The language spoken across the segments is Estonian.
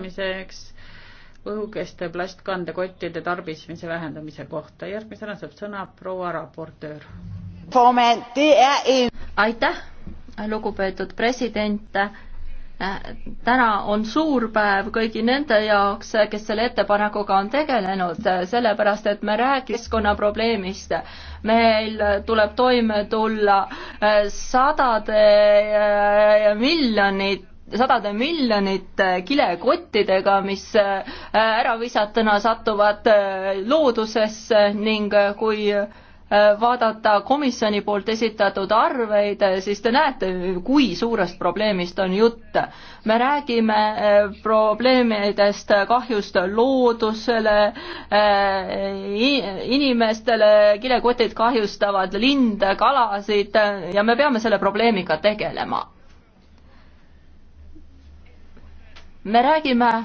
vähendamiseks õhukeste plastkandekottide tarbimise vähendamise kohta. järgmisena saab sõna proua raportöör. Er aitäh, lugupeetud president. täna on suur päev kõigi nende jaoks, kes selle ettepanekuga on tegelenud, sellepärast et me räägime keskkonnaprobleemist. meil tuleb toime tulla sadade eh, miljonit sadade miljonite kilekottidega, mis äh, äravisatuna satuvad äh, loodusesse ning äh, kui vaadata komisjoni poolt esitatud arveid, siis te näete, kui suurest probleemist on jutt. me räägime probleemidest, kahjust loodusele, inimestele, kilekotid kahjustavad linde, kalasid ja me peame selle probleemiga tegelema me räägime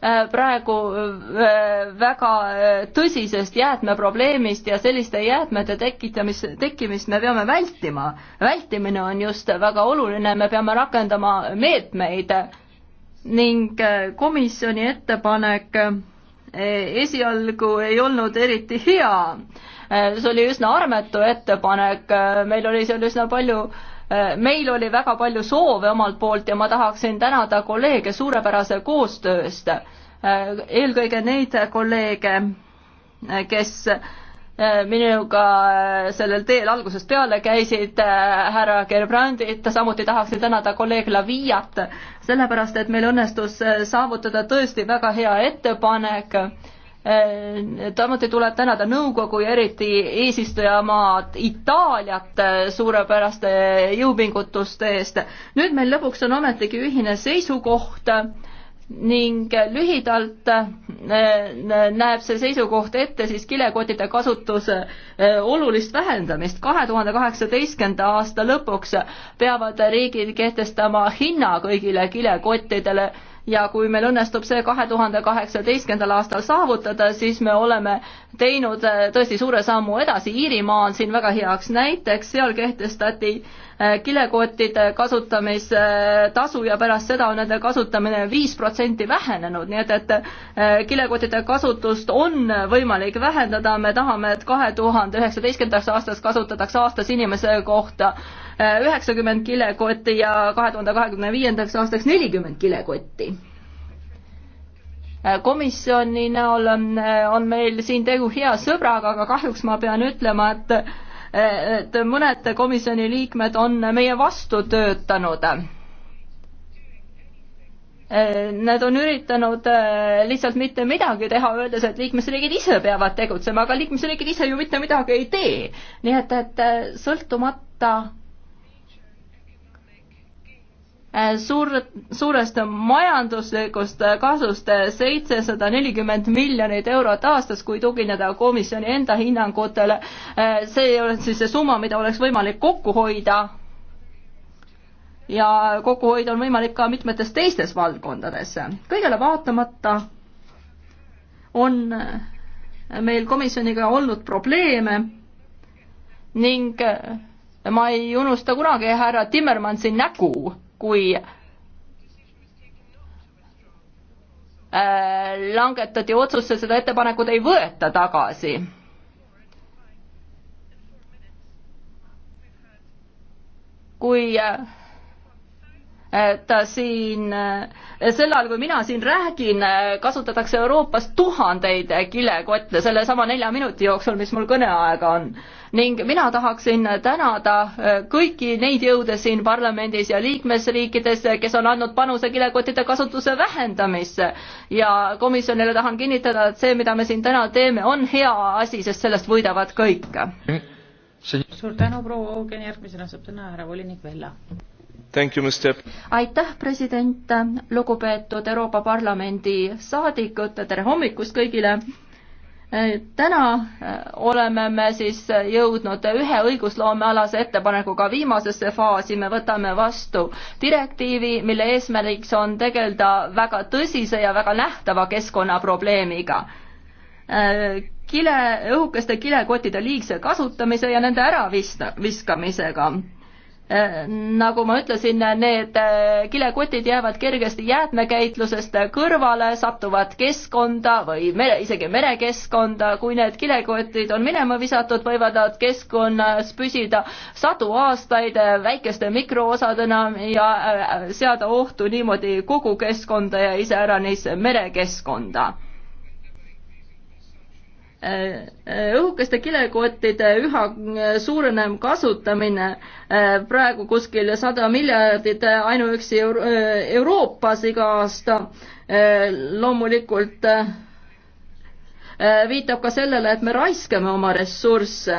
äh, praegu äh, väga äh, tõsisest jäätmeprobleemist ja selliste jäätmete tekitamis, tekkimist me peame vältima. vältimine on just väga oluline, me peame rakendama meetmeid ning komisjoni ettepanek esialgu ei olnud eriti hea. see oli üsna armetu ettepanek, meil oli seal üsna palju äh, Äh, meil oli väga palju soove omalt poolt ja ma tahaksin tänada kolleege suurepärase koostöö eest. Äh, eelkõige neid kolleege, äh, kes minuga sellel teel algusest peale käisid härra Gerbrandit, samuti tahaksin tänada kolleeg Laviat, sellepärast et meil õnnestus saavutada tõesti väga hea ettepanek samuti tuleb tänada nõukogu ja eriti eesistujamaad Itaaliat suurepäraste jõupingutuste eest. nüüd meil lõpuks on ometigi ühine seisukoht ning lühidalt eh, näeb see seisukoht ette siis kilekottide kasutuse eh, olulist vähendamist. kahe tuhande kaheksateistkümnenda aasta lõpuks peavad riigid kehtestama hinna kõigile kilekottidele ja kui meil õnnestub see kahe tuhande kaheksateistkümnendal aastal saavutada, siis me oleme teinud äh, tõesti suure sammu edasi, Iirimaa on siin väga heaks näiteks, seal kehtestati äh, kilekottide kasutamistasu äh, ja pärast seda on nende kasutamine viis protsenti vähenenud, nii et, et kilekottide kasutust on võimalik vähendada, me tahame, et kahe tuhande üheksateistkümnendaks aastaks kasutatakse aastas inimese kohta üheksakümmend kilekotti ja kahe tuhande kahekümne viiendaks aastaks nelikümmend kilekotti komisjoni näol on, on meil siin tegu hea sõbraga, aga kahjuks ma pean ütlema, et et mõned komisjoni liikmed on meie vastu töötanud. Nad on üritanud eh, lihtsalt mitte midagi teha, öeldes, et liikmesriigid ise peavad tegutsema, aga liikmesriigid ise ju mitte midagi ei tee. nii et, et eh, sõltumata Äh, suur, suurest majanduslikust äh, kasust äh, seitsesada nelikümmend miljonit eurot aastas, kui tugineda komisjoni enda hinnangutele. see on siis see summa, mida oleks võimalik kokku hoida. ja kokkuhoid on võimalik ka mitmetes teistes valdkondades. kõigele vaatamata on meil komisjoniga olnud probleeme ning ma ei unusta kunagi härra Timmermansi nägu kui äh, langetati otsus, seda ettepanekut ei võeta tagasi kui äh, ta siin, äh, sel ajal, kui mina siin räägin, kasutatakse Euroopas tuhandeid kilekotte sellesama nelja minuti jooksul, mis mul kõneaega on ning mina tahaksin tänada äh, kõiki neid jõude siin parlamendis ja liikmesriikides, kes on andnud panuse kilekottide kasutuse vähendamisse ja komisjonile tahan kinnitada, et see, mida me siin täna teeme, on hea asi, sest sellest võidavad kõik. suur tänu, proua Oogen, järgmisena saab sõna härra volinik Vella. You, aitäh, president, lugupeetud Euroopa Parlamendi saadikud, tere hommikust kõigile! Äh, täna äh, oleme me siis äh, jõudnud ühe õigusloomealase ettepanekuga viimasesse faasi, me võtame vastu direktiivi, mille eesmärgiks on tegeleda väga tõsise ja väga nähtava keskkonnaprobleemiga. kile, õhukeste kilekottide liigse kasutamise ja nende äraviskamisega nagu ma ütlesin, need äh, kilekotid jäävad kergesti jäätmekäitlusest kõrvale, satuvad keskkonda või mere, isegi merekeskkonda, kui need kilekotid on minema visatud, võivad nad keskkonnas püsida sadu aastaid äh, väikeste mikroosadena ja äh, seada ohtu niimoodi kogu keskkonda ja iseäranis merekeskkonda õhukeste kilekottide üha suurenev kasutamine, äh, praegu kuskil sada miljardit ainuüksi Euro äh, Euroopas iga aasta, äh, loomulikult viitab ka sellele, et me raiskame oma ressursse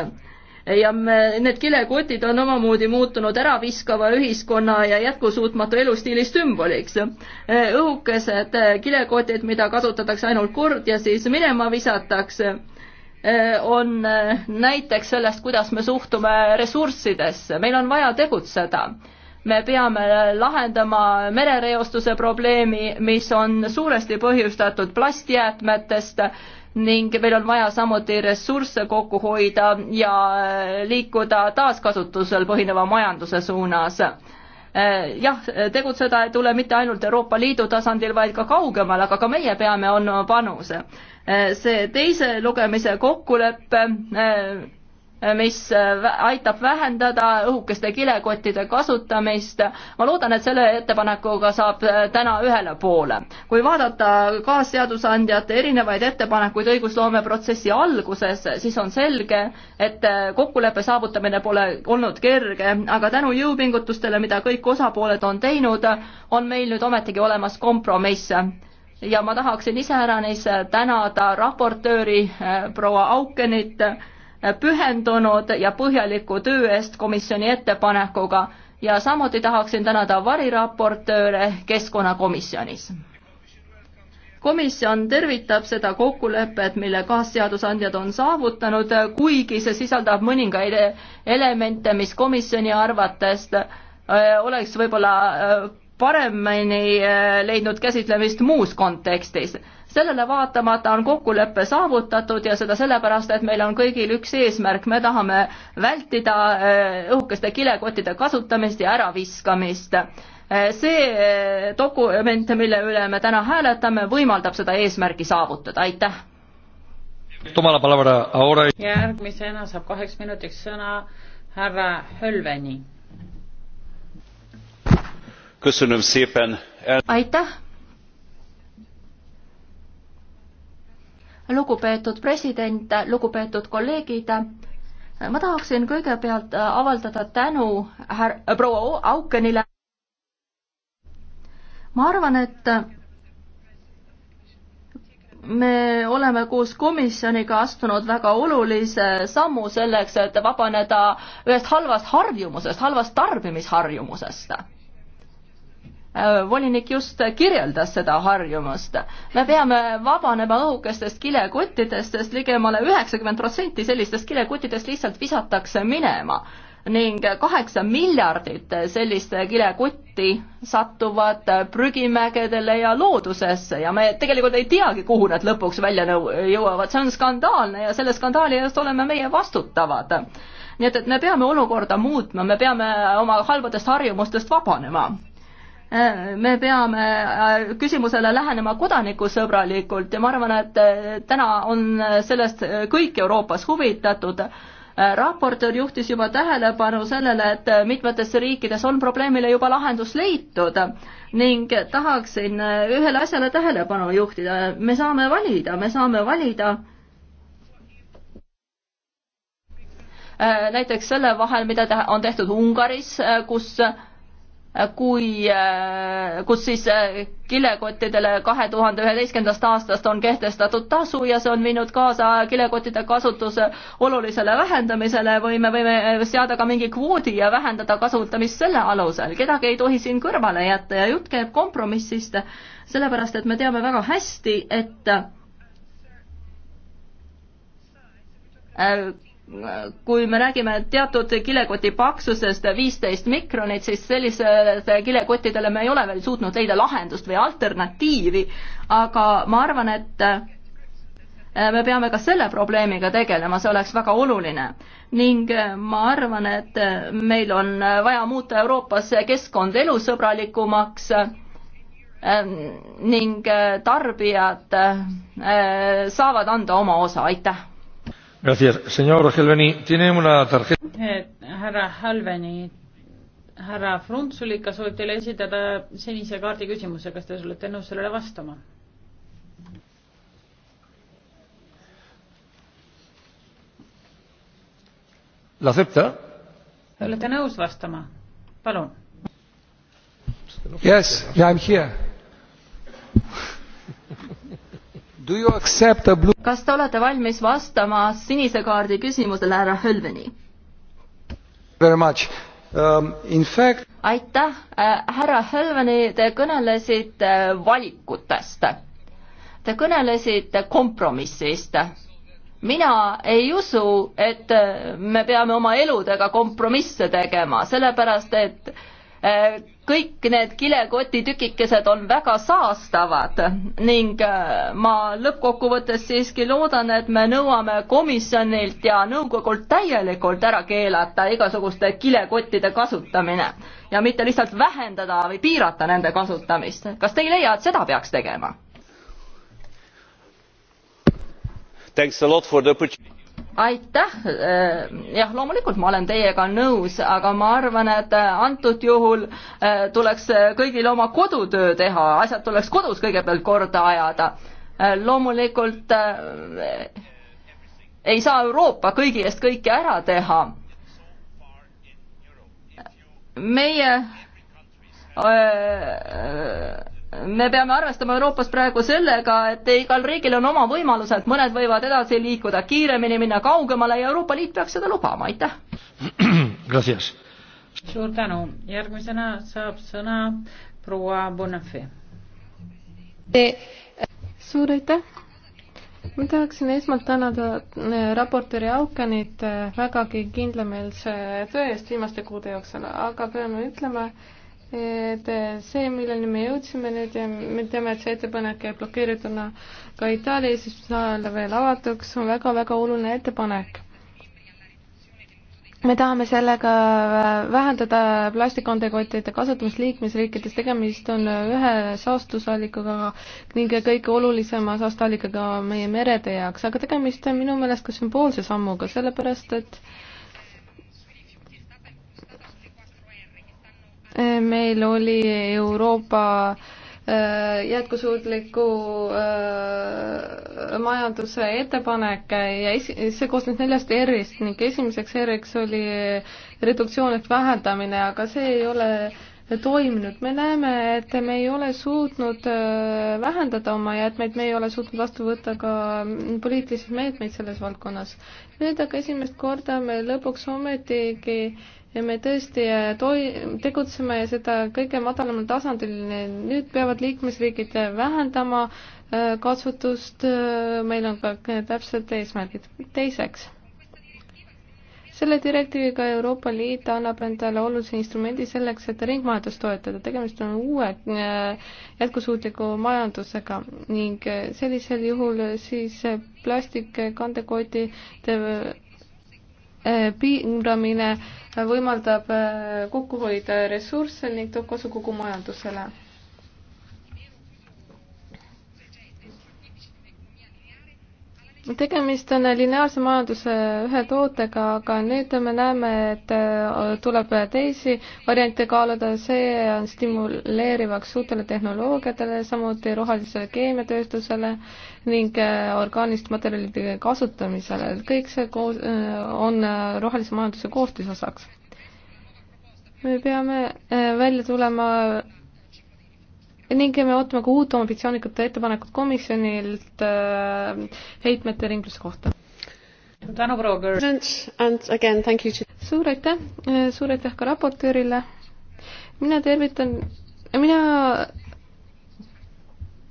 ja me, need kilekotid on omamoodi muutunud äraviskava ühiskonna ja jätkusuutmatu elustiili sümboliks. õhukesed kilekotid, mida kasutatakse ainult kord ja siis minema visatakse Äh, on äh, näiteks sellest, kuidas me suhtume ressurssidesse, meil on vaja tegutseda. me peame lahendama merereostuse probleemi, mis on suuresti põhjustatud plastjäätmetest ning meil on vaja samuti ressursse kokku hoida ja äh, liikuda taaskasutusel põhineva majanduse suunas Äh, jah, tegutseda ei tule mitte ainult Euroopa Liidu tasandil, vaid ka kaugemal, aga ka meie peame andma panuse. Äh, see teise lugemise kokkulepe äh, mis äh, aitab vähendada õhukeste kilekottide kasutamist. ma loodan, et selle ettepanekuga saab äh, täna ühele poole. kui vaadata kaasseadusandjate erinevaid ettepanekuid õigusloome protsessi alguses, siis on selge, et äh, kokkuleppe saavutamine pole olnud kerge, aga tänu jõupingutustele, mida kõik osapooled on teinud, on meil nüüd ometigi olemas kompromiss ja ma tahaksin iseäranis tänada raportööri proua Aukenit pühendunud ja põhjaliku töö eest komisjoni ettepanekuga ja samuti tahaksin tänada variraportööre keskkonnakomisjonis. komisjon tervitab seda kokkulepet, mille kaasseadusandjad on saavutanud, kuigi see sisaldab mõningaid elemente, mis komisjoni arvates äh, oleks võib-olla äh, paremini äh, leidnud käsitlemist muus kontekstis sellele vaatamata on kokkulepe saavutatud ja seda sellepärast, et meil on kõigil üks eesmärk, me tahame vältida eh, õhukeste kilekottide kasutamist ja äraviskamist. Eh, see eh, dokument, mille üle me täna hääletame, võimaldab seda eesmärki saavutada, aitäh. järgmisena saab kaheks minutiks sõna härra Hölveni. aitäh lugupeetud president, lugupeetud kolleegid, ma tahaksin kõigepealt avaldada tänu härra, proua Aukenile. ma arvan, et me oleme koos komisjoniga astunud väga olulise sammu selleks, et vabaneda ühest halvast harjumusest, halvast tarbimisharjumusest Äh, volinik just kirjeldas seda harjumust. me peame vabanema õhukestest kilekottidest, sest ligemale üheksakümmend protsenti sellistest kilekottidest lihtsalt visatakse minema ning kaheksa miljardit sellist kilekotti satuvad prügimägedele ja loodusesse ja me tegelikult ei teagi, kuhu nad lõpuks välja jõuavad, see on skandaalne ja selle skandaali eest oleme meie vastutavad. nii et, et me peame olukorda muutma, me peame oma halbadest harjumustest vabanema Äh, me peame äh, küsimusele lähenema kodanikusõbralikult ja ma arvan, et äh, täna on sellest kõik Euroopas huvitatud. raportöör juhtis juba tähelepanu sellele, et mitmetes riikides on probleemile juba lahendus leitud ning tahaksin ühele asjale tähelepanu juhtida, me saame valida, me saame valida näiteks selle vahel, mida on tehtud Ungaris, kus kui, kus siis äh, kilekottidele kahe tuhande üheteistkümnendast aastast on kehtestatud tasu ja see on viinud kaasa kilekottide kasutuse olulisele vähendamisele või me võime seada ka mingi kvoodi ja vähendada kasutamist selle alusel. kedagi ei tohi siin kõrvale jätta ja jutt käib kompromissist, sellepärast et me teame väga hästi, et äh, kui me räägime teatud kilekoti paksusest viisteist mikronit, siis sellistele kilekottidele me ei ole veel suutnud leida lahendust või alternatiivi, aga ma arvan, et äh, me peame ka selle probleemiga tegelema, see oleks väga oluline. ning äh, ma arvan, et äh, meil on vaja muuta Euroopas keskkond elusõbralikumaks ning tarbijad saavad anda oma osa, aitäh Eh, härra Halveni, härra Frunzulika soovib teile esitada senise kaardi küsimuse, kas te olete nõus sellele vastama? olete nõus vastama? palun. Yes, yeah, I am here Blue... kas te olete valmis vastama sinise kaardi küsimusele härra Hölveni? Um, fact... aitäh, äh, härra Hölveni, te kõnelesite äh, valikutest. Te kõnelesite kompromissist. mina ei usu, et äh, me peame oma eludega kompromisse tegema, sellepärast et kõik need kilekoti tükikesed on väga saastavad ning äh, ma lõppkokkuvõttes siiski loodan, et me nõuame komisjonilt ja nõukogult täielikult ära keelata igasuguste kilekottide kasutamine ja mitte lihtsalt vähendada või piirata nende kasutamist. kas te ei leia, et seda peaks tegema? aitäh, äh, jah, loomulikult ma olen teiega nõus, aga ma arvan, et äh, antud juhul äh, tuleks kõigil oma kodutöö teha, asjad tuleks kodus kõigepealt korda ajada. loomulikult ei saa Euroopa kõigi eest kõike ära teha. meie öö, me peame arvestama Euroopas praegu sellega, et igal riigil on oma võimalused, mõned võivad edasi liikuda kiiremini, minna kaugemale ja Euroopa Liit peaks seda lubama, aitäh. suur tänu, järgmisena saab sõna proua Bonafé. suur aitäh ma tahaksin esmalt tänada äh, raportööri Aukanit äh, vägagi kindlameelse töö eest viimaste kuude jooksul, aga peame ütlema, et see, milleni me jõudsime nüüd ja me teame, et see ettepanek jääb blokeerituna ka Itaalia eesistumisajal veel avatuks, on väga-väga oluline ettepanek. me tahame sellega vähendada plastikkandekottide kasutamist liikmesriikides, tegemist on ühe saastusallikaga ning kõige olulisema saasteallikaga meie merede jaoks, aga tegemist on minu meelest ka sümboolse sammuga, sellepärast et äh, meil oli Euroopa äh, jätkusuutliku äh, majanduse ettepanek ja see koosnes neljast R-ist ning esimeseks R-iks oli reduktsioon ehk vähendamine, aga see ei ole toiminud, me näeme, et me ei ole suutnud äh, vähendada oma jäätmeid, me ei ole suutnud vastu võtta ka poliitilisi meetmeid selles valdkonnas. nüüd aga esimest korda me lõpuks ometigi ja me tõesti äh, toi-, tegutseme ja seda kõige madalamal tasandil, nüüd peavad liikmesriigid vähendama äh, kasutust, äh, meil on ka täpsed eesmärgid. teiseks, selle direktiiviga Euroopa Liit annab endale olulise instrumendi selleks, et ringmajandust toetada, tegemist on uue jätkusuutliku majandusega ning sellisel juhul siis plastikkandekotide piiramine võimaldab äh, kokku hoida äh, ressursse ning toob kasu kogu majandusele tegemist on lineaarse majanduse ühe tootega, aga nüüd me näeme, et äh, tuleb teisi variante kaaluda, see on stimuleerivaks uutele tehnoloogiatele, samuti rohelisele keemiatööstusele ning äh, orgaaniliste materjalide kasutamisele, kõik see koos, äh, on rohelise majanduse koostisosaks. me peame välja tulema ning me ootame ka uut ambitsioonikat ettepanekut komisjonilt äh, heitmete ringluse kohta. tänu, proua Kõrg! suur aitäh, äh, suur aitäh ka raportöörile. mina tervitan, mina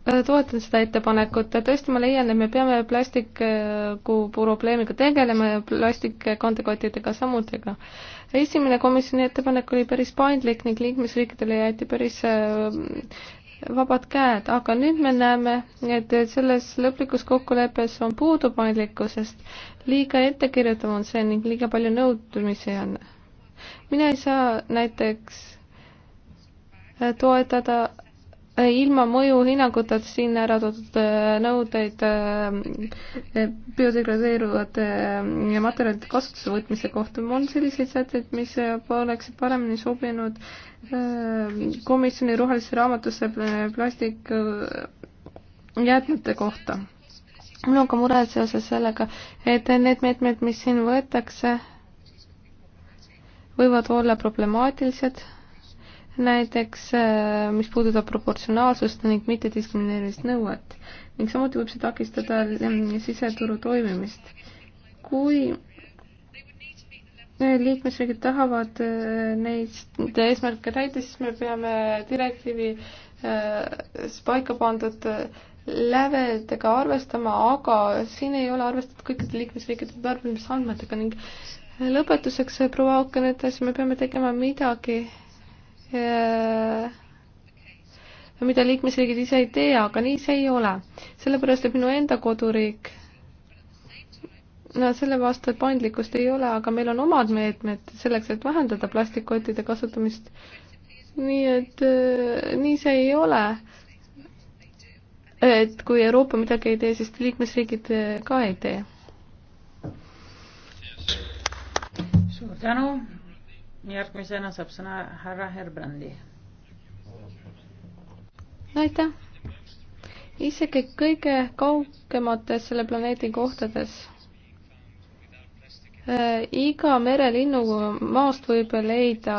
äh, toetan seda ettepanekut, tõesti ma leian, et me peame plastiku probleemiga tegelema ja plastikkandekottidega samudega. esimene komisjoni ettepanek oli päris paindlik ning liikmesriikidele jäeti päris äh, vabad käed, aga nüüd me näeme, et selles lõplikus kokkuleppes on puudu paindlikkusest, liiga ettekirjutav on see ning liiga palju nõudmisi on. mina ei saa näiteks toetada ilma mõjuhinnanguta siin ära toodud äh, nõudeid äh, äh, biodegradeeruvate materjalide kasutuse võtmise kohta on selliseid sätteid, mis oleksid paremini sobinud komisjoni rohelisse raamatusse plastikjäätmete kohta. mul on ka mure seoses sellega, et need meetmed, mis siin võetakse, võivad olla problemaatilised näiteks äh, mis puudutab proportsionaalsust ning mittediskrimineerimist nõuet ning samuti võib see takistada ähm, siseturu toimimist. kui liikmesriigid tahavad äh, neid eesmärke täita, siis me peame direktiivi äh, paika pandud lävedega arvestama, aga siin ei ole arvestatud kõikide liikmesriikide tarbimisandmetega ning lõpetuseks, proua Auken ütles, me peame tegema midagi Äh, mida liikmesriigid ise ei tee, aga nii see ei ole. sellepärast, et minu enda koduriik, no selle vastu paindlikkust ei ole, aga meil on omad meetmed selleks, et vähendada plastikkottide kasutamist. nii et äh, nii see ei ole. et kui Euroopa midagi ei tee, siis liikmesriigid äh, ka ei tee. suur tänu järgmisena saab sõna härra Herbrandi. aitäh. isegi kõige kaugemates selle planeedi kohtades äh, iga merelinnu maast võib leida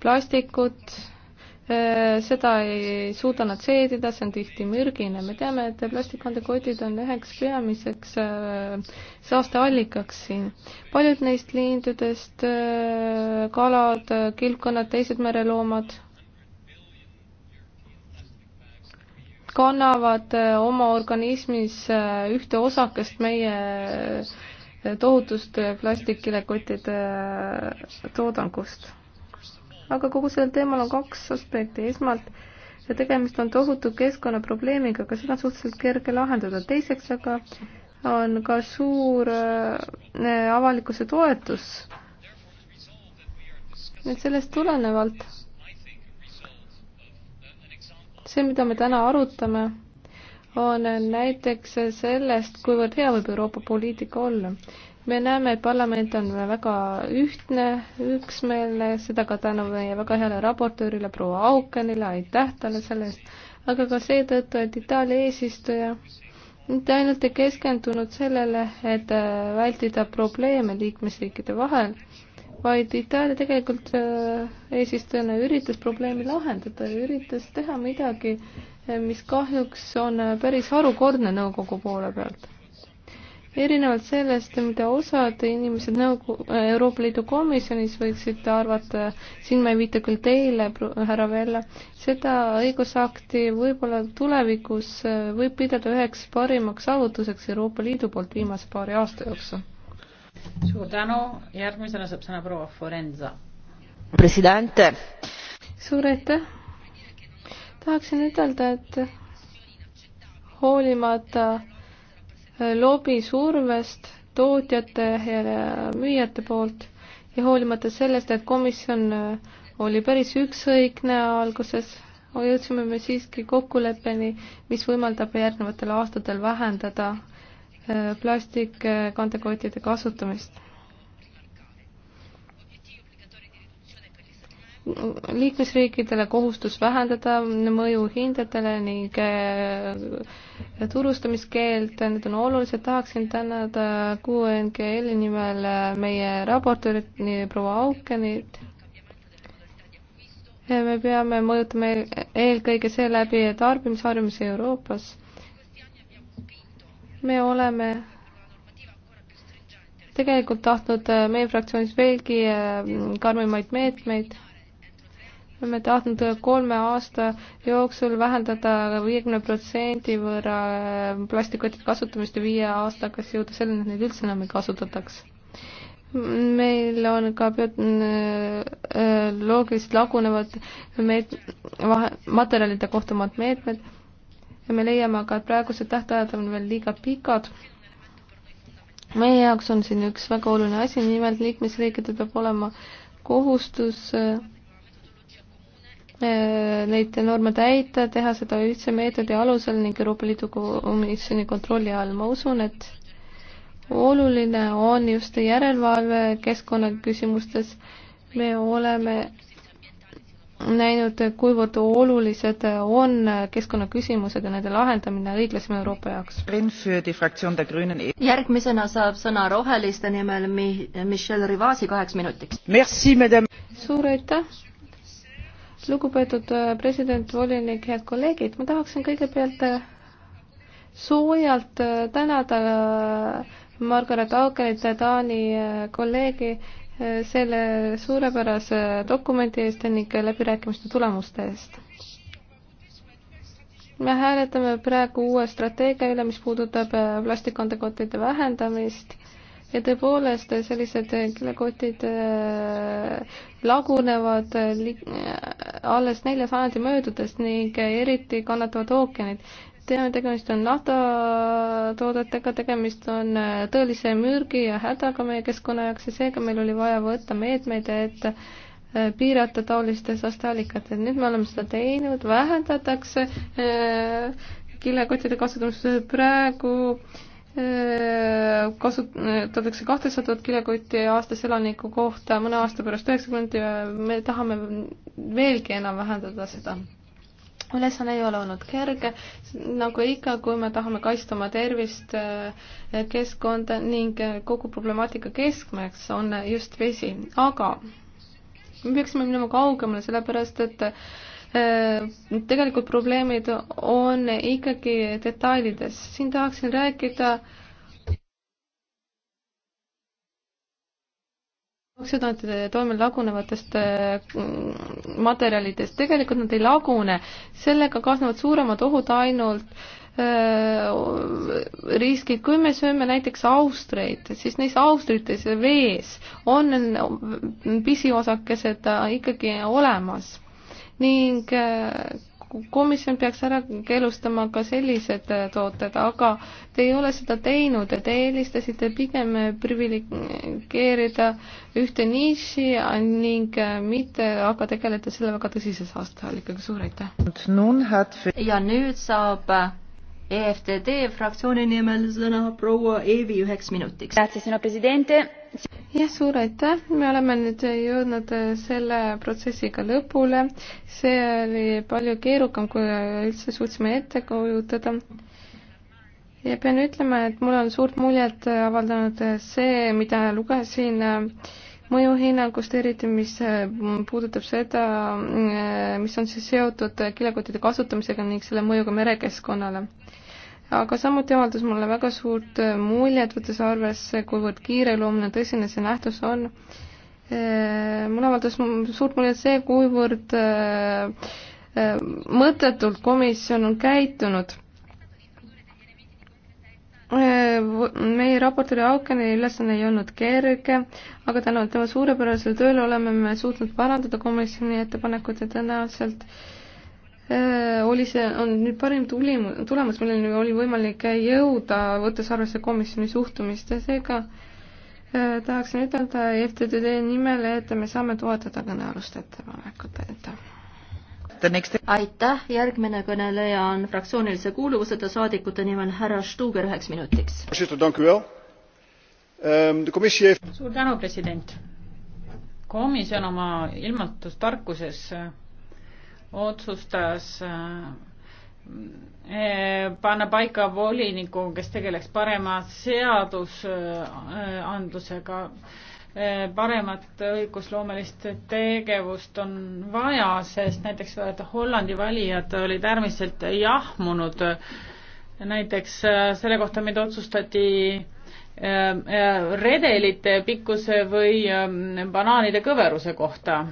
plastikut Äh, seda ei suuda nad seedida, see on tihti mürgine. me teame, et plastikandekotid on üheks peamiseks äh, saasteallikaks siin. paljud neist lindudest, äh, kalad, kilpkonnad, teised mereloomad kannavad oma organismis ühte osakest meie tohutust plastikilekottide toodangust aga kogu sellel teemal on kaks aspekti. esmalt, tegemist on tohutu keskkonnaprobleemiga, aga seda on suhteliselt kerge lahendada. teiseks aga on ka suur äh, avalikkuse toetus. et sellest tulenevalt see, mida me täna arutame, on näiteks sellest, kuivõrd hea võib Euroopa poliitika olla me näeme, et parlament on väga ühtne, üksmeelne, seda ka tänu meie väga heale raportöörile proua Aukenile, aitäh talle selle eest, aga ka seetõttu, et Itaalia eesistuja mitte ainult ei keskendunud sellele, et äh, vältida probleeme liikmesriikide vahel, vaid Itaalia tegelikult äh, eesistujana üritas probleemi lahendada ja üritas teha midagi, mis kahjuks on äh, päris harukordne nõukogu poole pealt erinevalt sellest, mida osad inimesed nõukogu, äh, Euroopa Liidu komisjonis võiksid arvata, siin ma ei viita küll teile, härra Vella, seda õigusakti võib-olla tulevikus äh, võib pidada üheks parimaks saavutuseks Euroopa Liidu poolt viimase paari aasta jooksul. suur tänu, järgmisena saab sõna proua Forenza. president. suur aitäh. tahaksin ütelda, et hoolimata lobisurvest tootjate ja müüjate poolt ja hoolimata sellest, et komisjon äh, oli päris üksõigne alguses, jõudsime me siiski kokkuleppeni, mis võimaldab järgnevatel aastatel vähendada äh, plastikkandekottide kasutamist liikmesriikidele kohustus vähendada mõju hindadele ning äh, turustamiskeeld, need on olulised, tahaksin tänada QNGL-i nimel äh, meie raportöörit, proua Aukenit. me peame mõjutama eelkõige seeläbi tarbimisharjumusi Euroopas. me oleme tegelikult tahtnud äh, meie fraktsioonis veelgi karmimaid meetmeid me tahtnud kolme aasta jooksul vähendada viiekümne protsendi võrra äh, plastikotide kasutamist ja viie aastaga siis jõuda selleni, et neid üldse enam ei kasutataks. meil on ka äh, äh, loogiliselt lagunevad meet-, vahe, materjalide kohta omad meetmed ja me leiame aga, et praegused tähtajad on veel liiga pikad meie jaoks on siin üks väga oluline asi, nimelt liikmesriikidel peab olema kohustus äh, Äh, neid norme täita, teha seda ühtse meetodi alusel ning Euroopa Liidu komisjoni kontrolli all. ma usun, et oluline on just järelevalve keskkonnaküsimustes. me oleme näinud, kuivõrd olulised on keskkonnaküsimused ja nende lahendamine õiglasema Euroopa jaoks. järgmisena saab sõna roheliste nimel Michelle Rivasi kaheks minutiks. suur aitäh lugupeetud äh, president, volinik, head kolleegid, ma tahaksin kõigepealt äh, soojalt äh, tänada Margaret Aukenit, Taani kolleegi, selle suurepärase dokumendi eest ning läbirääkimiste tulemuste eest me hääletame praegu uue strateegia üle, mis puudutab plastkandekottide vähendamist ja tõepoolest sellised kilekotid äh, lagunevad äh, äh, alles nelja sajandi möödudes ning eriti kannatavad ookeanid. teame, tegemist on naftatoodetega, tegemist on tõelise mürgi ja hädaga meie keskkonna jaoks ja seega meil oli vaja võtta meetmeid, et piirata taoliste saasteallikate, nüüd me oleme seda teinud, vähendatakse kilekottide kasutamist praegu äh, Äh, kasutatakse kahtesadat kilekotti aastas elaniku kohta, mõne aasta pärast üheksakümmend ja me tahame veelgi enam vähendada seda. ülesanne ei ole olnud kerge, nagu ikka, kui me tahame kaitsta oma tervist, äh, keskkonda ning äh, kogu problemaatika keskmeks on just vesi, aga me peaksime minema kaugemale, sellepärast et äh, Äh, tegelikult probleemid on ikkagi detailides. siin tahaksin rääkida oksüdantide toimel lagunevatest äh, materjalidest, tegelikult nad ei lagune, sellega kaasnevad suuremad ohud ainult öö, äh, riskid, kui me sööme näiteks austreid, siis neis austrites vees on pisiosakesed ikkagi olemas ning äh, komisjon peaks ära keelustama ka sellised äh, tooted, aga te ei ole seda teinud ja te eelistasite pigem äh, priviligeerida ühte niši ning mitte aga tegeleda selle väga tõsise saasteallikaga, suur aitäh! ja nüüd saab EFTD fraktsiooni nimel sõna proua Eevi üheks minutiks jah, suur aitäh, me oleme nüüd jõudnud äh, selle protsessiga lõpule. see oli palju keerukam, kui üldse suutsime ette kujutada. ja pean ütlema, et mul on suurt muljet äh, avaldanud äh, see, mida lugesin mõjuhinnangust, eriti mis puudutab seda, mis on siis seotud kilekottide kasutamisega ning selle mõjuga merekeskkonnale aga samuti avaldas mulle väga suurt äh, muljet, võttes arvesse, kuivõrd kiireloomuline tõsine see nähtus on. Äh, mulle avaldas suurt muljet see, kuivõrd äh, mõttetult komisjon on käitunud. meie raportööri Aukeni ülesanne ei olnud kerge, aga tänu tema suurepärasele tööle oleme me suutnud parandada komisjoni ettepanekut ja tõenäoliselt äh, Äh, oli see, on nüüd parim tulim-, tulemus, milleni oli võimalik jõuda, võttes arvesse komisjoni suhtumist ja seega äh, tahaksin ütelda FTTD nimel, et me saame toetada kõnealust ettepanekut, aitäh! aitäh, järgmine kõneleja on fraktsioonilise kuuluvuseta saadikute nimel härra Stuuger üheks minutiks. Ehm, suur tänu, president! komisjon oma ilmutustarkuses otsustas äh, äh, panna paika voliniku, kes tegeleks parema seadusandlusega. Äh, paremat õigusloomelist tegevust on vaja, sest näiteks Hollandi valijad olid äärmiselt jahmunud näiteks selle kohta, mida otsustati redelite pikkuse või ähm, banaanide kõveruse kohta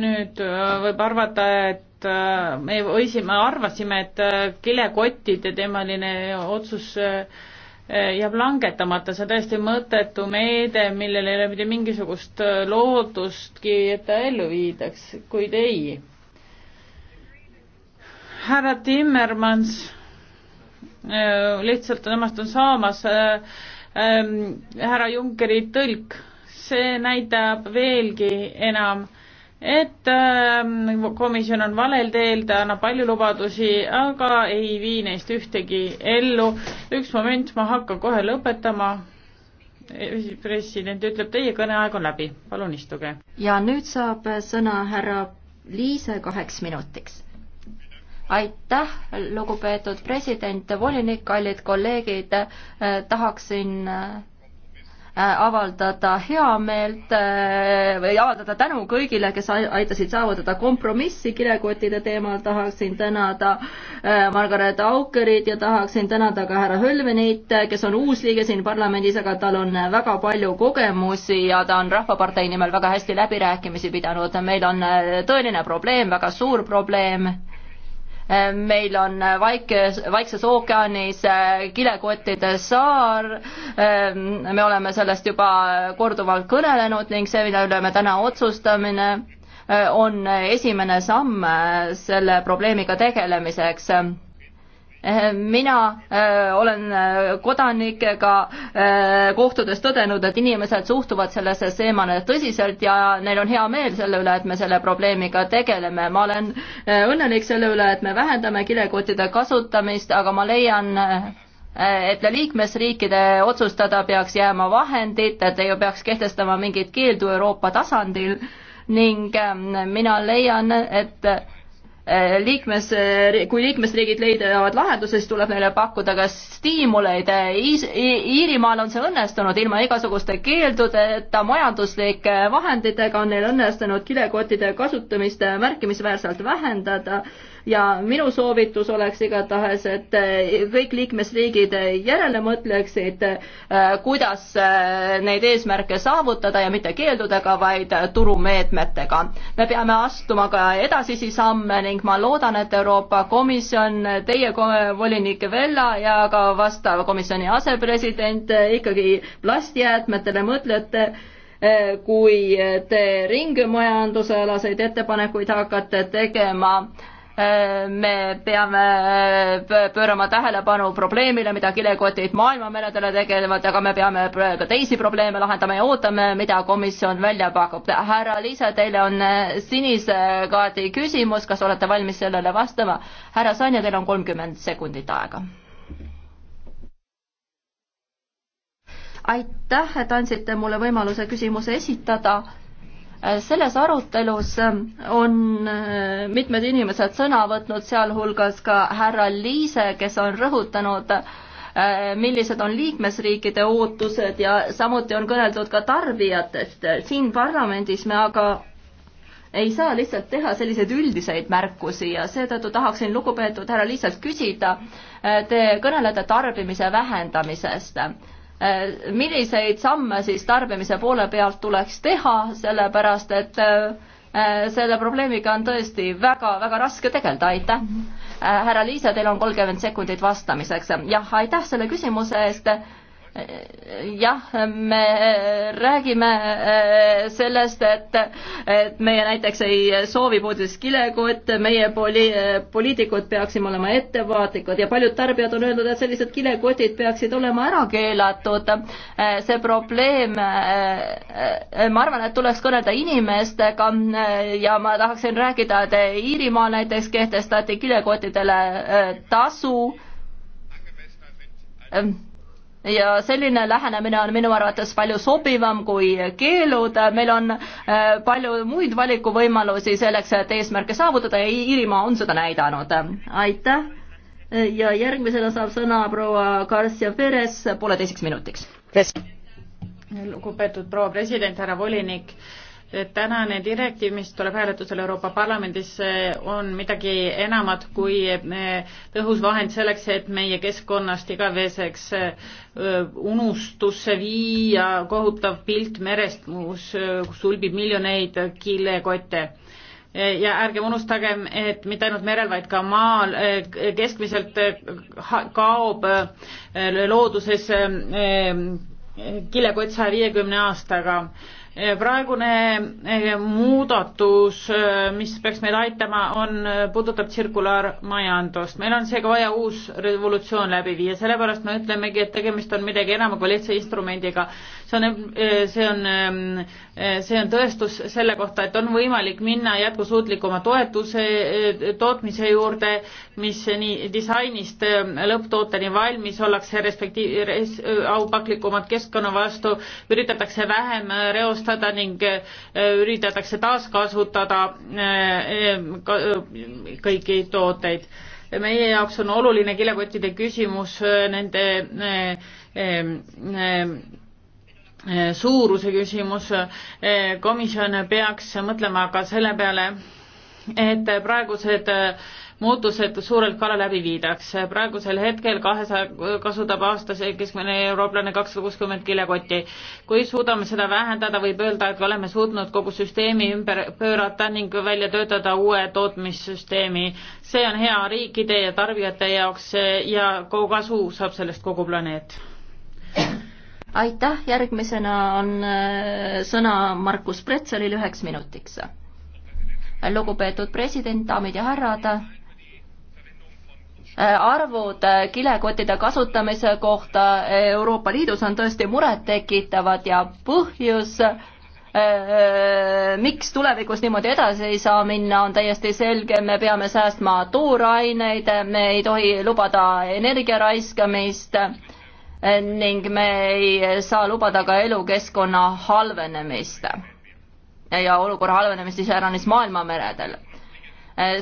nüüd äh, võib arvata, et äh, me võisime, arvasime, et äh, kilekottide teemaline otsus jääb langetamata, see on täiesti mõttetu meede, millel ei ole mitte mingisugust lootustki, et ta ellu viidaks, kuid ei. härra Timmermans, lihtsalt temast on saamas ähm, härra Junckeri tõlk, see näitab veelgi enam äh, et ähm, komisjon on valel teel, ta annab palju lubadusi, aga ei vii neist ühtegi ellu. üks moment, ma hakkan kohe lõpetama. president ütleb, teie kõneaeg on läbi, palun istuge. ja nüüd saab sõna härra Liise kaheks minutiks. aitäh, lugupeetud president, volinik, kallid kolleegid, tahaksin Äh, avaldada heameelt äh, või avaldada tänu kõigile, kes aitasid saavutada kompromissi kilekottide teemal, tahaksin tänada äh, Margaret Aukerit ja tahaksin tänada ka härra Hölvenit, kes on uus liige siin parlamendis, aga tal on väga palju kogemusi ja ta on Rahvapartei nimel väga hästi läbirääkimisi pidanud, meil on tõeline probleem, väga suur probleem meil on Vaike, Vaikses ookeanis äh, kilekottide saar, ähm, me oleme sellest juba korduvalt kõnelenud ning see, mille üle me täna otsustamine, äh, on esimene samm äh, selle probleemiga tegelemiseks mina äh, olen äh, kodanikega äh, kohtudes tõdenud, et inimesed suhtuvad sellesse teemale tõsiselt ja neil on hea meel selle üle, et me selle probleemiga tegeleme. ma olen õnnelik selle üle, et me vähendame kilekottide kasutamist, aga ma leian et liikmesriikide otsustada peaks jääma vahendid, et ei peaks kehtestama mingit keeldu Euroopa tasandil ning ähm, mina leian, et Eh, liikmes, kui liikmesriigid leidavad lahenduse, siis tuleb neile pakkuda ka stiimuleid. Eh, Iirimaal on see õnnestunud ilma igasuguste keeldudeta, majanduslike vahenditega on neil õnnestunud kilekottide kasutamist märkimisväärselt vähendada ja minu soovitus oleks igatahes, et eh, kõik liikmesriigid järele mõtleksid, eh, kuidas eh, neid eesmärke saavutada ja mitte keeldudega, vaid turumeetmetega. me peame astuma ka edasisi samme ning ma loodan, et Euroopa Komisjon, teie volinik Vella ja ka vastav komisjoni asepresident ikkagi plastijäätmetele mõtlete kui te ringmajanduse alaseid ettepanekuid hakkate tegema Äh, me peame äh, pöörama tähelepanu probleemile, mida kilekotid maailmameredele tegelevad, aga me peame ka teisi probleeme lahendama ja ootame, mida komisjon välja pakub. härra Liise, teile on äh, sinise kaardi küsimus, kas olete valmis sellele vastama? härra Sanja, teil on kolmkümmend sekundit aega. aitäh, et andsite mulle võimaluse küsimuse esitada selles arutelus ähm, on äh, mitmed inimesed sõna võtnud, sealhulgas ka härra Liise, kes on rõhutanud, äh, millised on liikmesriikide ootused ja samuti on kõneldud ka tarbijatest. siin parlamendis me aga ei saa lihtsalt teha selliseid üldiseid märkusi ja seetõttu tahaksin lugupeetud härra Liisalt küsida, äh, te kõnelete tarbimise vähendamisest Äh, milliseid samme siis tarbimise poole pealt tuleks teha, sellepärast et äh, äh, selle probleemiga on tõesti väga-väga raske tegeleda, aitäh. Mhm. härra Liisa, teil on kolmkümmend sekundit vastamiseks. jah, aitäh selle küsimuse eest jah, me äh, räägime äh, sellest, et, et meie näiteks ei soovi poodides kilekotte, meie poli-, poliitikud peaksime olema ettevaatlikud ja paljud tarbijad on öelnud, et sellised kilekotid peaksid olema ära keelatud. Äh, see probleem, ma arvan, et tuleks kõnelda inimestega ja ma tahaksin rääkida, et Iirimaal näiteks kehtestati kilekottidele tasu ja selline lähenemine on minu arvates palju sobivam kui keelud, meil on äh, palju muid valikuvõimalusi selleks, et eesmärke saavutada ja Iirimaa on seda näidanud. aitäh ja järgmisena saab sõna proua Garcia Perez pooleteiseks minutiks. lugupeetud proua president, härra volinik tänane direktiiv, mis tuleb hääletusele Euroopa Parlamendis, on midagi enamat kui eh, tõhus vahend selleks, et meie keskkonnast igaveseks eh, unustusse viia kohutav pilt merest, kus sulbib miljoneid kilekotte eh, ja ärgem unustagem, et mitte ainult merel, vaid ka maal keskmiselt kaob looduses kilekott saja viiekümne aastaga praegune eh, muudatus, eh, mis peaks meid aitama, on, eh, puudutab tsirkulaarmajandust. meil on seega vaja uus revolutsioon läbi viia, sellepärast me ütlemegi, et tegemist on midagi enam kui lihtsa instrumendiga. see on, see on Eh, see on tõestus selle kohta, et on võimalik minna jätkusuutlikuma toetuse eh, tootmise juurde, mis nii disainist eh, lõpptooteni valmis ollakse, respektiiv-, res-, aupaklikumad keskkonna vastu, üritatakse vähem reostada ning üritatakse taaskasutada kõiki tooteid. meie jaoks on oluline kilekottide küsimus nende Eh, suuruse küsimus, eh, komisjon peaks mõtlema ka selle peale, et praegused eh, muutused suurelt kala läbi viidakse. praegusel hetkel kahesaja, kasutab aastas keskmine eurooplane kakssada kuuskümmend kilekotti. kui suudame seda vähendada, võib öelda, et oleme suutnud kogu süsteemi ümber pöörata ning välja töötada uue tootmissüsteemi. see on hea riikide ja tarbijate jaoks ja kogu kasu saab sellest kogu planeet aitäh, järgmisena on äh, sõna Markus Pretzelil üheks minutiks. lugupeetud president, daamid ja härrad äh, arvud kilekottide kasutamise kohta Euroopa Liidus on tõesti murettekitavad ja põhjus, äh, miks tulevikus niimoodi edasi ei saa minna, on täiesti selge, me peame säästma tooraineid, me ei tohi lubada energia raiskamist ning me ei saa lubada ka elukeskkonna halvenemist ja olukorra halvenemist iseäranis maailmameredel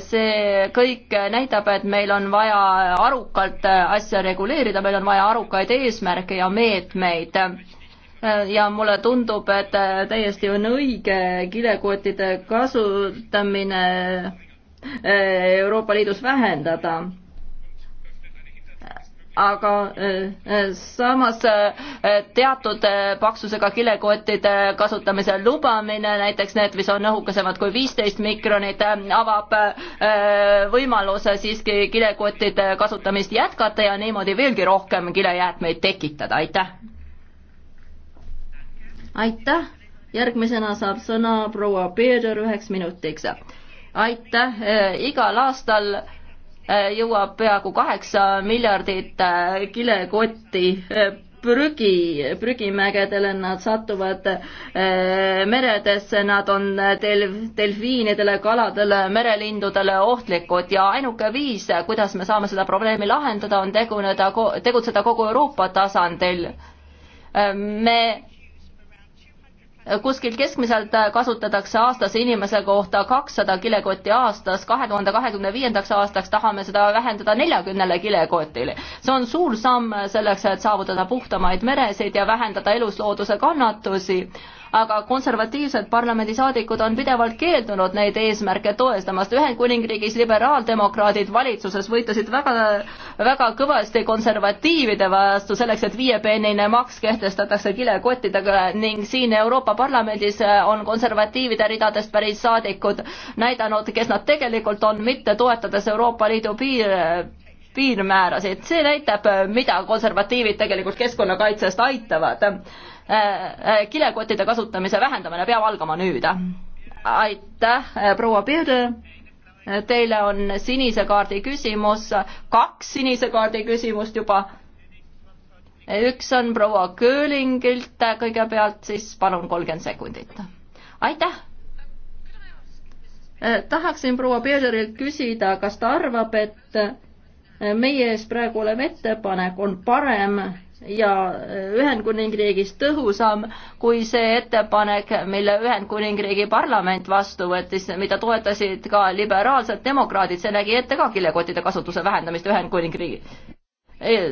see kõik näitab, et meil on vaja arukalt asja reguleerida, meil on vaja arukaid eesmärke ja meetmeid. ja mulle tundub, et täiesti on õige kilekottide kasutamine Euroopa Liidus vähendada aga äh, äh, samas äh, teatud paksusega kilekottide kasutamise lubamine, näiteks need, mis on õhukesemad kui viisteist mikronit, avab võimaluse siiski kilekottide kasutamist jätkata ja niimoodi veelgi rohkem kilejäätmeid tekitada, aitäh! aitäh, järgmisena saab sõna proua Peeder üheks minutiks. aitäh, igal aastal Äh, jõuab peaaegu kaheksa miljardit äh, kilekotti äh, prügi, prügimägedele nad satuvad meredesse, nad on del-, delfiinidele, kaladele, merelindudele ohtlikud ja ainuke viis, kuidas me saame seda probleemi lahendada, on teguneda, tegutseda kogu Euroopa tasandil. me kuskil keskmiselt kasutatakse aastas inimese kohta kakssada kilekotti aastas, kahe tuhande kahekümne viiendaks aastaks tahame seda vähendada neljakümnele kilekotile. see on suur samm selleks, et saavutada puhtamaid meresid ja vähendada eluslooduse kannatusi aga konservatiivsed parlamendisaadikud on pidevalt keeldunud neid eesmärke toestamast. Ühendkuningriigis liberaaldemokraadid valitsuses võitlesid väga, väga kõvasti konservatiivide vastu selleks, et viiepennine maks kehtestatakse kilekottidega ning siin Euroopa Parlamendis on konservatiivide ridadest päris saadikud näidanud, kes nad tegelikult on, mitte toetades Euroopa Liidu piir, piirmäärasid, see näitab, mida konservatiivid tegelikult keskkonnakaitsest aitavad. Äh, äh, kilekottide kasutamise vähendamine peab algama nüüd. aitäh, äh, proua Pirde. Teile on sinise kaardi küsimus, kaks sinise kaardi küsimust juba. üks on proua Köölingilt, kõigepealt siis palun kolmkümmend sekundit. aitäh tahaksin proua Peeterilt küsida, kas ta arvab, et meie ees praegu olev ettepanek on parem ja äh, Ühendkuningriigis tõhusam kui see ettepanek, mille Ühendkuningriigi parlament vastu võttis, mida toetasid ka liberaalsed demokraadid, see nägi ette ka kilekottide kasutuse vähendamist Ühendkuningriigis.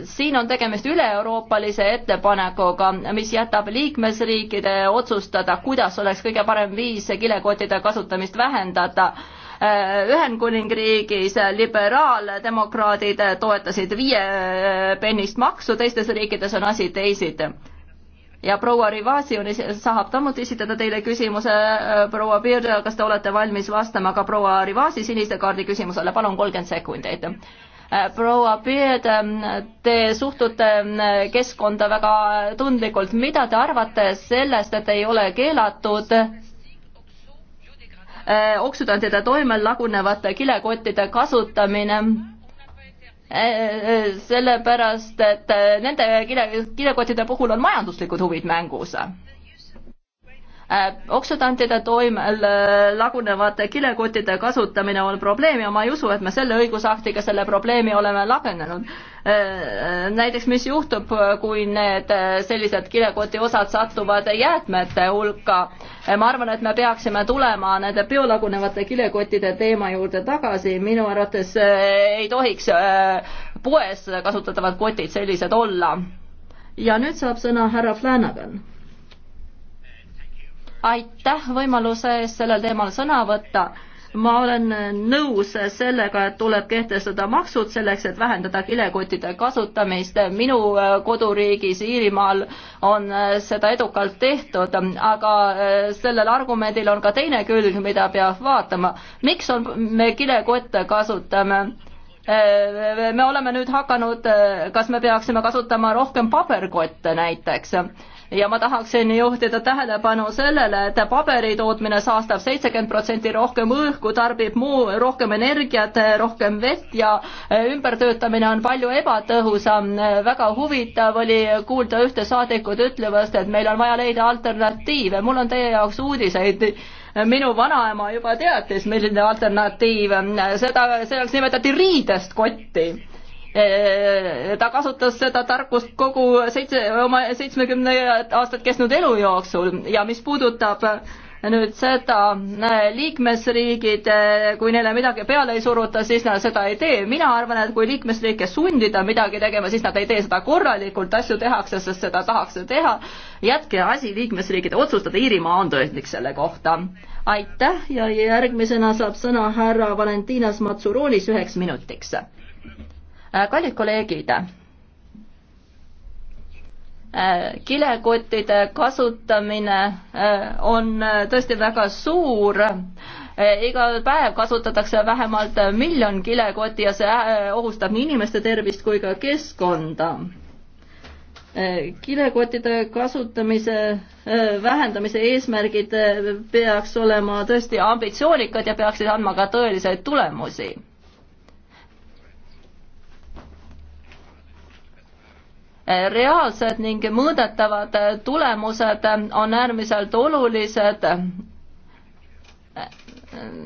siin on tegemist üle-euroopalise ettepanekuga, mis jätab liikmesriikide otsustada, kuidas oleks kõige parem viis kilekottide kasutamist vähendada Äh, Ühendkuningriigis liberaaldemokraadid toetasid viie äh, pennist maksu, teistes riikides on asi teisiti. ja proua Rivasi on, saab samuti esitada teile küsimuse, äh, proua Piir, kas te olete valmis vastama ka proua Rivasi sinise kaardi küsimusele, palun kolmkümmend sekundit proua Peed, ähm, te suhtute keskkonda väga tundlikult, mida te arvate sellest, et ei ole keelatud Äh, oksüdantide toimel lagunevate kilekottide kasutamine äh, äh, sellepärast, et nende kile, kilekottide puhul on majanduslikud huvid mängus Äh, oksüdantide toimel lagunevate kilekottide kasutamine on probleem ja ma ei usu, et me selle õigusaktiga selle probleemi oleme lagenenud. Äh, äh, näiteks, mis juhtub, kui need sellised kilekoti osad satuvad jäätmete hulka. ma arvan, et me peaksime tulema nende biolagunevate kilekottide teema juurde tagasi, minu arvates ei tohiks poes kasutatavad kotid sellised olla. ja nüüd saab sõna härra Flanagan aitäh võimaluse eest sellel teemal sõna võtta. ma olen nõus sellega, et tuleb kehtestada maksud selleks, et vähendada kilekottide kasutamist. minu äh, koduriigis Iirimaal on äh, seda edukalt tehtud, aga äh, sellel argumendil on ka teine külg, mida peab vaatama. miks on, me kilekotte kasutame? me oleme nüüd hakanud, kas me peaksime kasutama rohkem paberkotte näiteks ja ma tahaksin juhtida tähelepanu sellele, et paberi tootmine saastab seitsekümmend protsenti rohkem õhku, tarbib muu, rohkem energiat, rohkem vett ja eh, ümbertöötamine on palju ebatõhusam. väga huvitav oli kuulda ühte saadikut ütlevast, et meil on vaja leida alternatiive, mul on teie jaoks uudiseid minu vanaema juba teatis, milline alternatiiv, seda, selleks nimetati riidest kotti Äh, ta kasutas seda tarkust kogu seitse, oma seitsmekümne aastat kestnud elu jooksul ja mis puudutab nüüd seda äh, liikmesriigid, äh, kui neile midagi peale ei suruta, siis nad seda ei tee. mina arvan, et kui liikmesriike sundida midagi tegema, siis nad ei tee seda korralikult, asju tehakse, sest seda tahakse teha. jätke asi liikmesriikide otsustada, Iirimaa on tõendlik selle kohta. aitäh ja järgmisena saab sõna härra Valentinas Matsuronis üheks minutiks Äh, kallid kolleegid, äh, kilekottide kasutamine äh, on tõesti väga suur iga päev kasutatakse vähemalt miljon kilekotti ja see ohustab nii inimeste tervist kui ka keskkonda. kilekottide kasutamise vähendamise eesmärgid peaks olema tõesti ambitsioonikad ja peaksid andma ka tõeliseid tulemusi reaalsed ning mõõdetavad tulemused on äärmiselt olulised.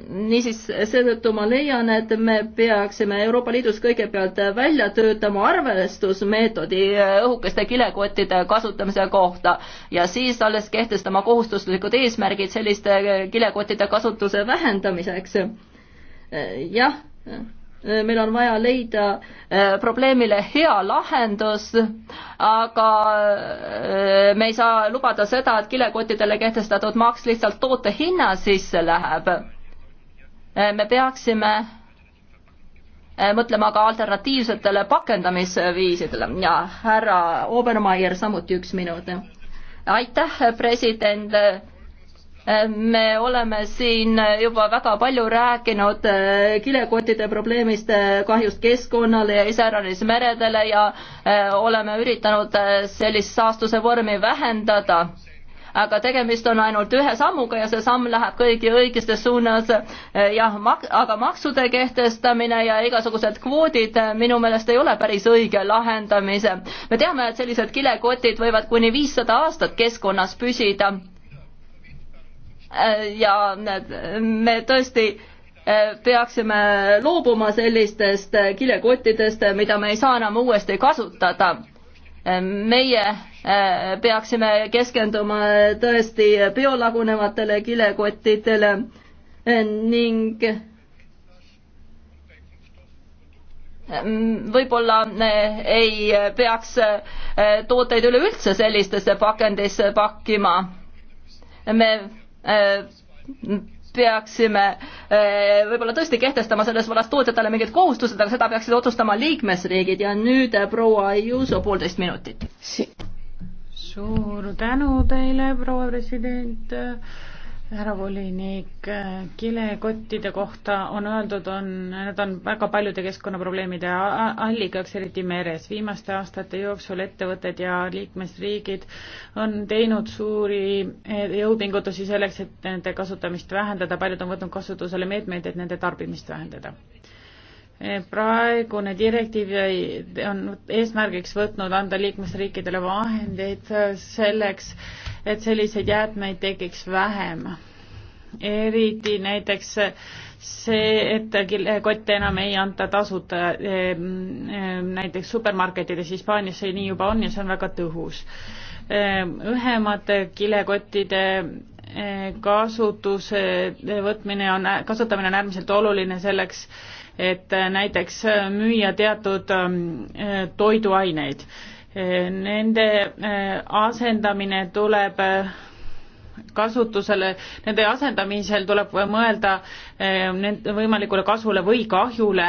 niisiis, seetõttu ma leian, et me peaksime Euroopa Liidus kõigepealt välja töötama arvestusmeetodi õhukeste kilekottide kasutamise kohta ja siis alles kehtestama kohustuslikud eesmärgid selliste kilekottide kasutuse vähendamiseks. jah Äh, meil on vaja leida äh, probleemile hea lahendus, aga äh, me ei saa lubada seda, et kilekottidele kehtestatud maks lihtsalt toote hinna sisse läheb. me peaksime mõtlema ka alternatiivsetele pakendamisviisidele ja härra Obermeier samuti üks minut. aitäh, president me oleme siin juba väga palju rääkinud äh, kilekottide probleemist, äh, kahjust keskkonnale ja iseäranis meredele ja äh, oleme üritanud sellist saastuse vormi vähendada. aga tegemist on ainult ühe sammuga ja see samm läheb kõigi õigeste suunas. jah, mak-, aga maksude kehtestamine ja igasugused kvoodid minu meelest ei ole päris õige lahendamise. me teame, et sellised kilekotid võivad kuni viissada aastat keskkonnas püsida Äh, ja me tõesti äh, peaksime loobuma sellistest äh, kilekottidest, mida me ei saa enam uuesti kasutada. meie peaksime keskenduma tõesti biolagunevatele kilekottidele ning võib-olla ei peaks tooteid üleüldse sellistesse pakendisse pakkima. me Äh, peaksime äh, võib-olla tõesti kehtestama selles vallas tootjatele mingid kohustused, aga seda peaksid otsustama liikmesriigid ja nüüd äh, proua Juuso poolteist minutit. suur tänu teile, proua president härra volinik, kilekottide kohta on öeldud, on, need on väga paljude keskkonnaprobleemide allikaks, eriti meres. viimaste aastate jooksul ettevõtted ja liikmesriigid on teinud suuri e, jõupingutusi selleks, et nende kasutamist vähendada, paljud on võtnud kasutusele meetmeid, et nende tarbimist vähendada praegune direktiiv on eesmärgiks võtnud anda liikmesriikidele vahendeid selleks, et selliseid jäätmeid tekiks vähem. eriti näiteks see, et kotte enam ei anta tasuta näiteks supermarketides, Hispaanias see nii juba on ja see on väga tõhus. õhemate kilekottide kasutuse võtmine on, kasutamine on äärmiselt oluline selleks, et äh, näiteks äh, müüa teatud ähm, äh, toiduaineid. Nende asendamine tuleb kasutusele, nende asendamisel tuleb mõelda võimalikule kasule või kahjule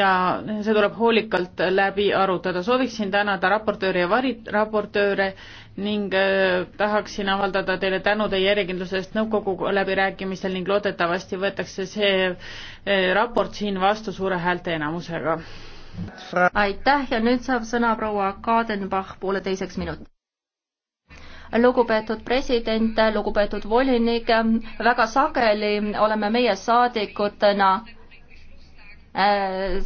ja see tuleb hoolikalt läbi arutada. sooviksin tänada raportööri ja variraportööre ning äh, tahaksin avaldada teile tänu teie järjekindluse eest nõukogu läbirääkimistel ning loodetavasti võetakse see äh, raport siin vastu suure häälteenamusega. aitäh ja nüüd saab sõna proua Kadenbach pooleteiseks minutiks lugupeetud president, lugupeetud volinik, väga sageli oleme meie saadikutena äh,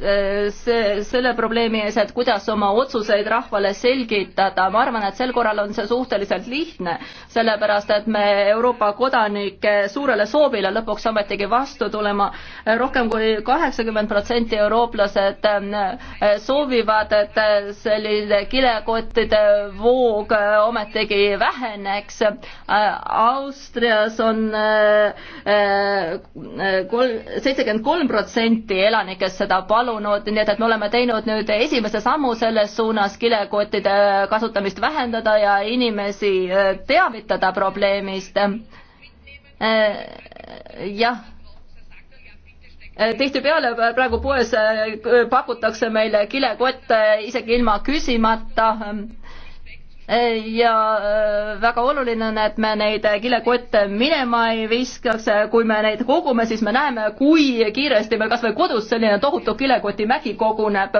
Äh, see, selle probleemi ees, et kuidas oma otsuseid rahvale selgitada, ma arvan, et sel korral on see suhteliselt lihtne, sellepärast et me Euroopa kodanike suurele soovile lõpuks ometigi vastu tulema rohkem, äh, rohkem kui kaheksakümmend protsenti eurooplased äh, soovivad, et selline kilekottide voog ometigi väheneks. Austrias on seitsekümmend kolm protsenti elanikest seda palunud palunud, nii et, et me oleme teinud nüüd esimese sammu selles suunas kilekottide äh, kasutamist vähendada ja inimesi äh, teavitada probleemist. Äh, jah tihtipeale praegu poes pakutakse meile kilekotte isegi ilma küsimata ja äh, väga oluline on, et me neid kilekotte minema ei viskaks, kui me neid kogume, siis me näeme, kui kiiresti meil kas või kodus selline tohutu kilekotimägi koguneb.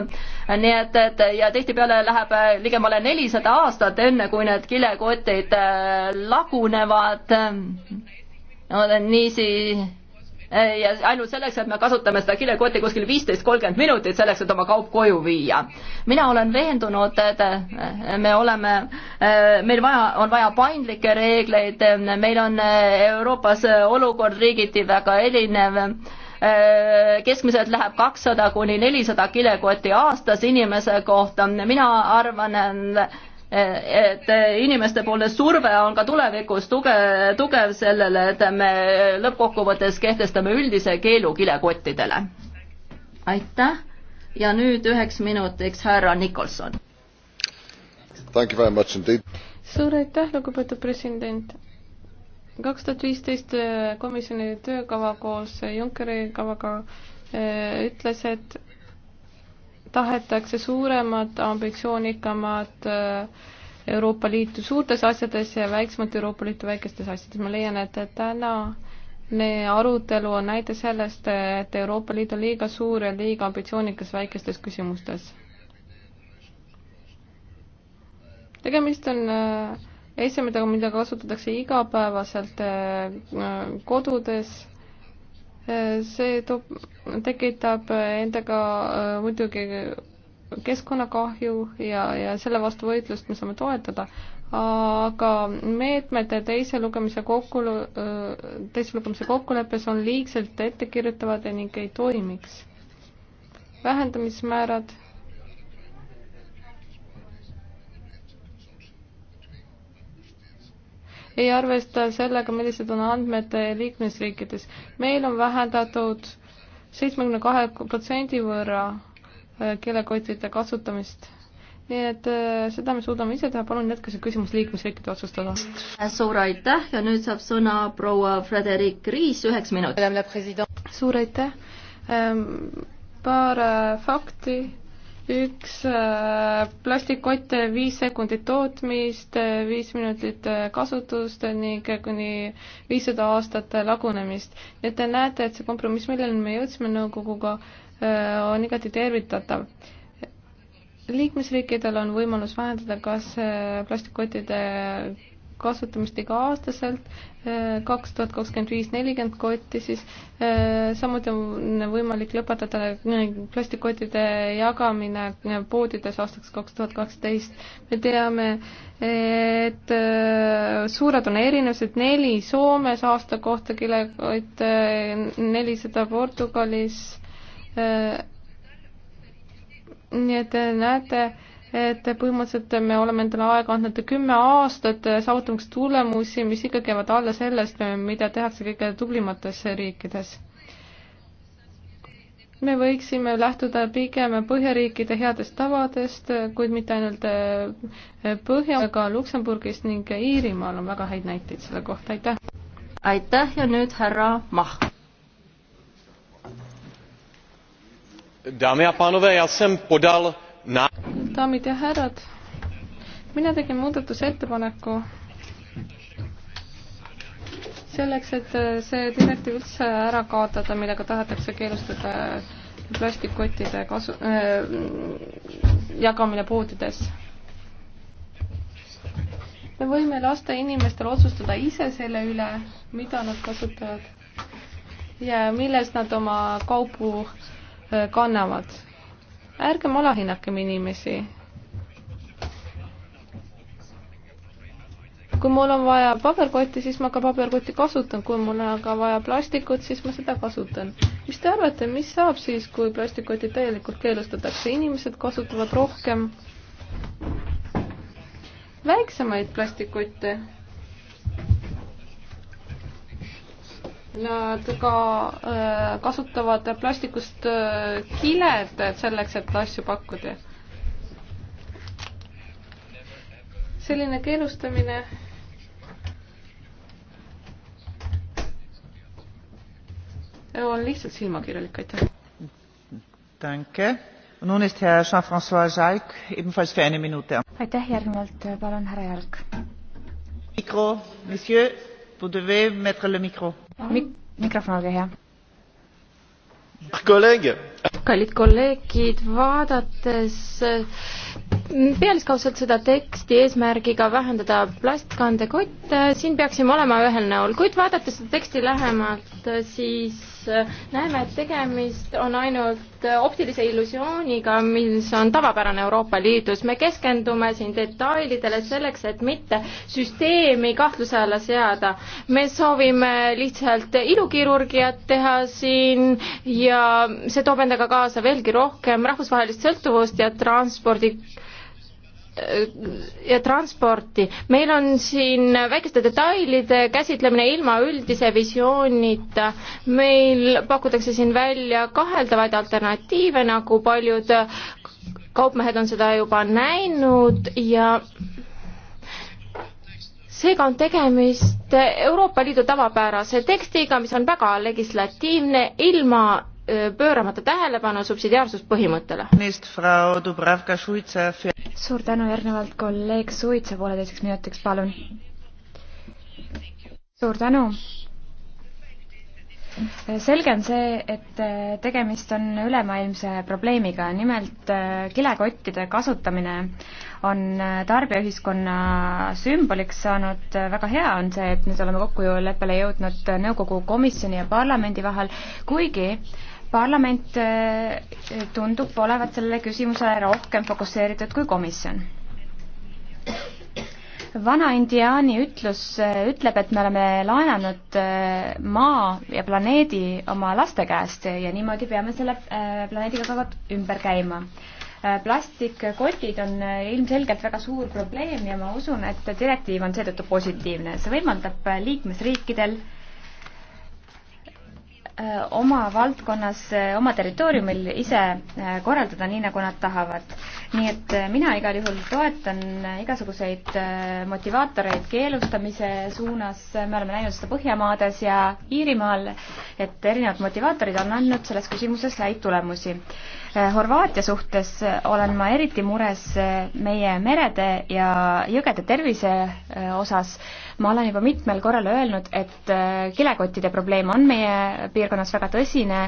nii et, et ja tihtipeale läheb ligemale nelisada aastat, enne kui need kilekotid äh, lagunevad no,. niisi Eh, ja ainult selleks, et me kasutame seda kilekotti kuskil viisteist, kolmkümmend minutit selleks, et oma kaup koju viia. mina olen veendunud, et eh, me oleme, eh, meil vaja, on vaja paindlikke reegleid, meil on Euroopas olukord riigiti väga erinev keskmiselt läheb kakssada kuni nelisada kilekotti aastas inimese kohta. mina arvan, et inimeste poolne surve on ka tulevikus tuge, tugev sellele, et me lõppkokkuvõttes kehtestame üldise keelu kilekottidele. aitäh ja nüüd üheks minutiks härra Nikolson. suur aitäh, lugupeetud president. kaks tuhat viisteist eh, komisjoni töökava koos eh, Junckeri kavaga eh, ütles, et tahetakse suuremat, ambitsioonikamat äh, Euroopa Liitu suurtes asjades ja väiksemat Euroopa Liitu väikestes asjades. ma leian, et tänane arutelu on näide sellest, et Euroopa Liit on liiga suur ja liiga ambitsioonikas väikestes küsimustes. tegemist on esemedega, äh, mida kasutatakse igapäevaselt äh, kodudes see toob, tekitab endaga äh, muidugi keskkonnakahju ja, ja selle vastu võitlust me saame toetada, aga meetmed teise lugemise kokku, äh, teise lugemise kokkuleppes on liigselt ettekirjutavad ja ning ei toimiks. vähendamismäärad ei arvesta sellega, millised on andmed liikmesriikides. meil on vähendatud seitsmekümne kahe protsendi võrra äh, kilekottide kasutamist. nii et äh, seda me suudame ise teha, palun jätke see küsimus liikmesriikide otsustada. suur aitäh ja nüüd saab sõna proua Frederik Riis, üheks minutiks. suur aitäh, ähm, paar äh, fakti üks äh, plastikkott, viis sekundit tootmist, äh, viis minutit äh, kasutust ning kuni viissada aastat lagunemist. nii et te näete, et see kompromiss, milleni me jõudsime nõukoguga, on igati tervitatav. liikmesriikidel on võimalus vähendada kas plastikottide kasutamist iga-aastaselt, äh, kaks tuhat kakskümmend viis nelikümmend kotti siis, äh, samuti on võimalik lõpetada plastikkottide jagamine poodides aastaks kaks tuhat kaksteist. me teame, et äh, suured on erinevused, neli Soomes aasta kohta kilekott, nelisada Portugalis, nii et näete, et põhimõtteliselt me oleme endale aega andnud kümme aastat saavutamaks tulemusi, mis ikkagi jäävad alla sellest, mida tehakse kõige tublimates riikides. me võiksime lähtuda pigem Põhjariikide headest tavadest, kuid mitte ainult eh, Põhja, aga Luksemburgist ning Iirimaal on väga häid näiteid selle kohta, aitäh! aitäh ja nüüd härra Mah. Dámy a pánové, já jsem podal na daamid ja härrad, mina tegin muudatusettepaneku selleks, et see direktiiv üldse ära kaotada, millega tahetakse keelustada plastikkottide kasu äh,, jagamine poodides. me võime lasta inimestel otsustada ise selle üle, mida nad kasutavad ja milles nad oma kaubu äh, kannavad ärgem alahinnakem inimesi. kui mul on vaja paberkotti, siis ma ka paberkotti kasutan, kui mul on aga vaja plastikut, siis ma seda kasutan. mis te arvate, mis saab siis, kui plastikotid täielikult keelustatakse, inimesed kasutavad rohkem väiksemaid plastikotte Nad ka äh, kasutavad plastikust äh, kiled selleks, et asju pakkuda. selline keelustamine on lihtsalt silmakirjalik, aitäh. Danke. Nun ist Herr Jean-François Jalk ebenfalls für eine Minute. Aitäh, järgnevalt äh, palun härra Jalk. Mikro, monsieur, vous devez mettre le micro Mik-, mikrofon, olge hea. kolleeg. kallid kolleegid, vaadates mm, pealiskaudselt seda teksti eesmärgiga vähendada plastkandekotte, siin peaksime olema ühel näol, kuid vaadates seda teksti lähemalt, siis näeme, et tegemist on ainult optilise illusiooniga, mis on tavapärane Euroopa Liidus. me keskendume siin detailidele selleks, et mitte süsteemi kahtluse alla seada. me soovime lihtsalt ilukirurgiat teha siin ja see toob endaga kaasa veelgi rohkem rahvusvahelist sõltuvust ja transpordi ja transporti. meil on siin väikeste detailide käsitlemine ilma üldise visioonita. meil pakutakse siin välja kaheldavaid alternatiive, nagu paljud kaupmehed on seda juba näinud ja seega on tegemist Euroopa Liidu tavapärase tekstiga, mis on väga legislatiivne, ilma pööramata tähelepanu subsidiaarsuspõhimõttele. suur tänu, järgnevalt kolleeg Suitsa pooleteiseks minutiks, palun. suur tänu. selge on see, et tegemist on ülemaailmse probleemiga, nimelt kilekottide kasutamine on tarbijaühiskonna sümboliks saanud, väga hea on see, et nüüd oleme kokkuleppele jõudnud nõukogu komisjoni ja parlamendi vahel, kuigi äh, parlament eh, tundub olevat sellele küsimusele rohkem fokusseeritud kui komisjon. vana indiaani ütlus eh, ütleb, et me oleme laenanud eh, maa ja planeedi oma laste käest ja niimoodi peame selle planeediga ka ümber käima plastikkotid on ilmselgelt väga suur probleem ja ma usun, et direktiiv on seetõttu positiivne. see võimaldab liikmesriikidel äh, Äh, oma valdkonnas, äh, oma territooriumil ise äh, korraldada nii, nagu nad tahavad. nii et mina igal juhul toetan igasuguseid motivaatoreid keelustamise suunas, me oleme näinud seda Põhjamaades ja Iirimaal, et erinevad motivaatorid on andnud selles küsimuses häid tulemusi. Horvaatia suhtes olen ma eriti mures meie merede ja jõgede tervise osas ma olen juba mitmel korral öelnud, et äh, kilekottide probleem on meie piirkonnas väga tõsine,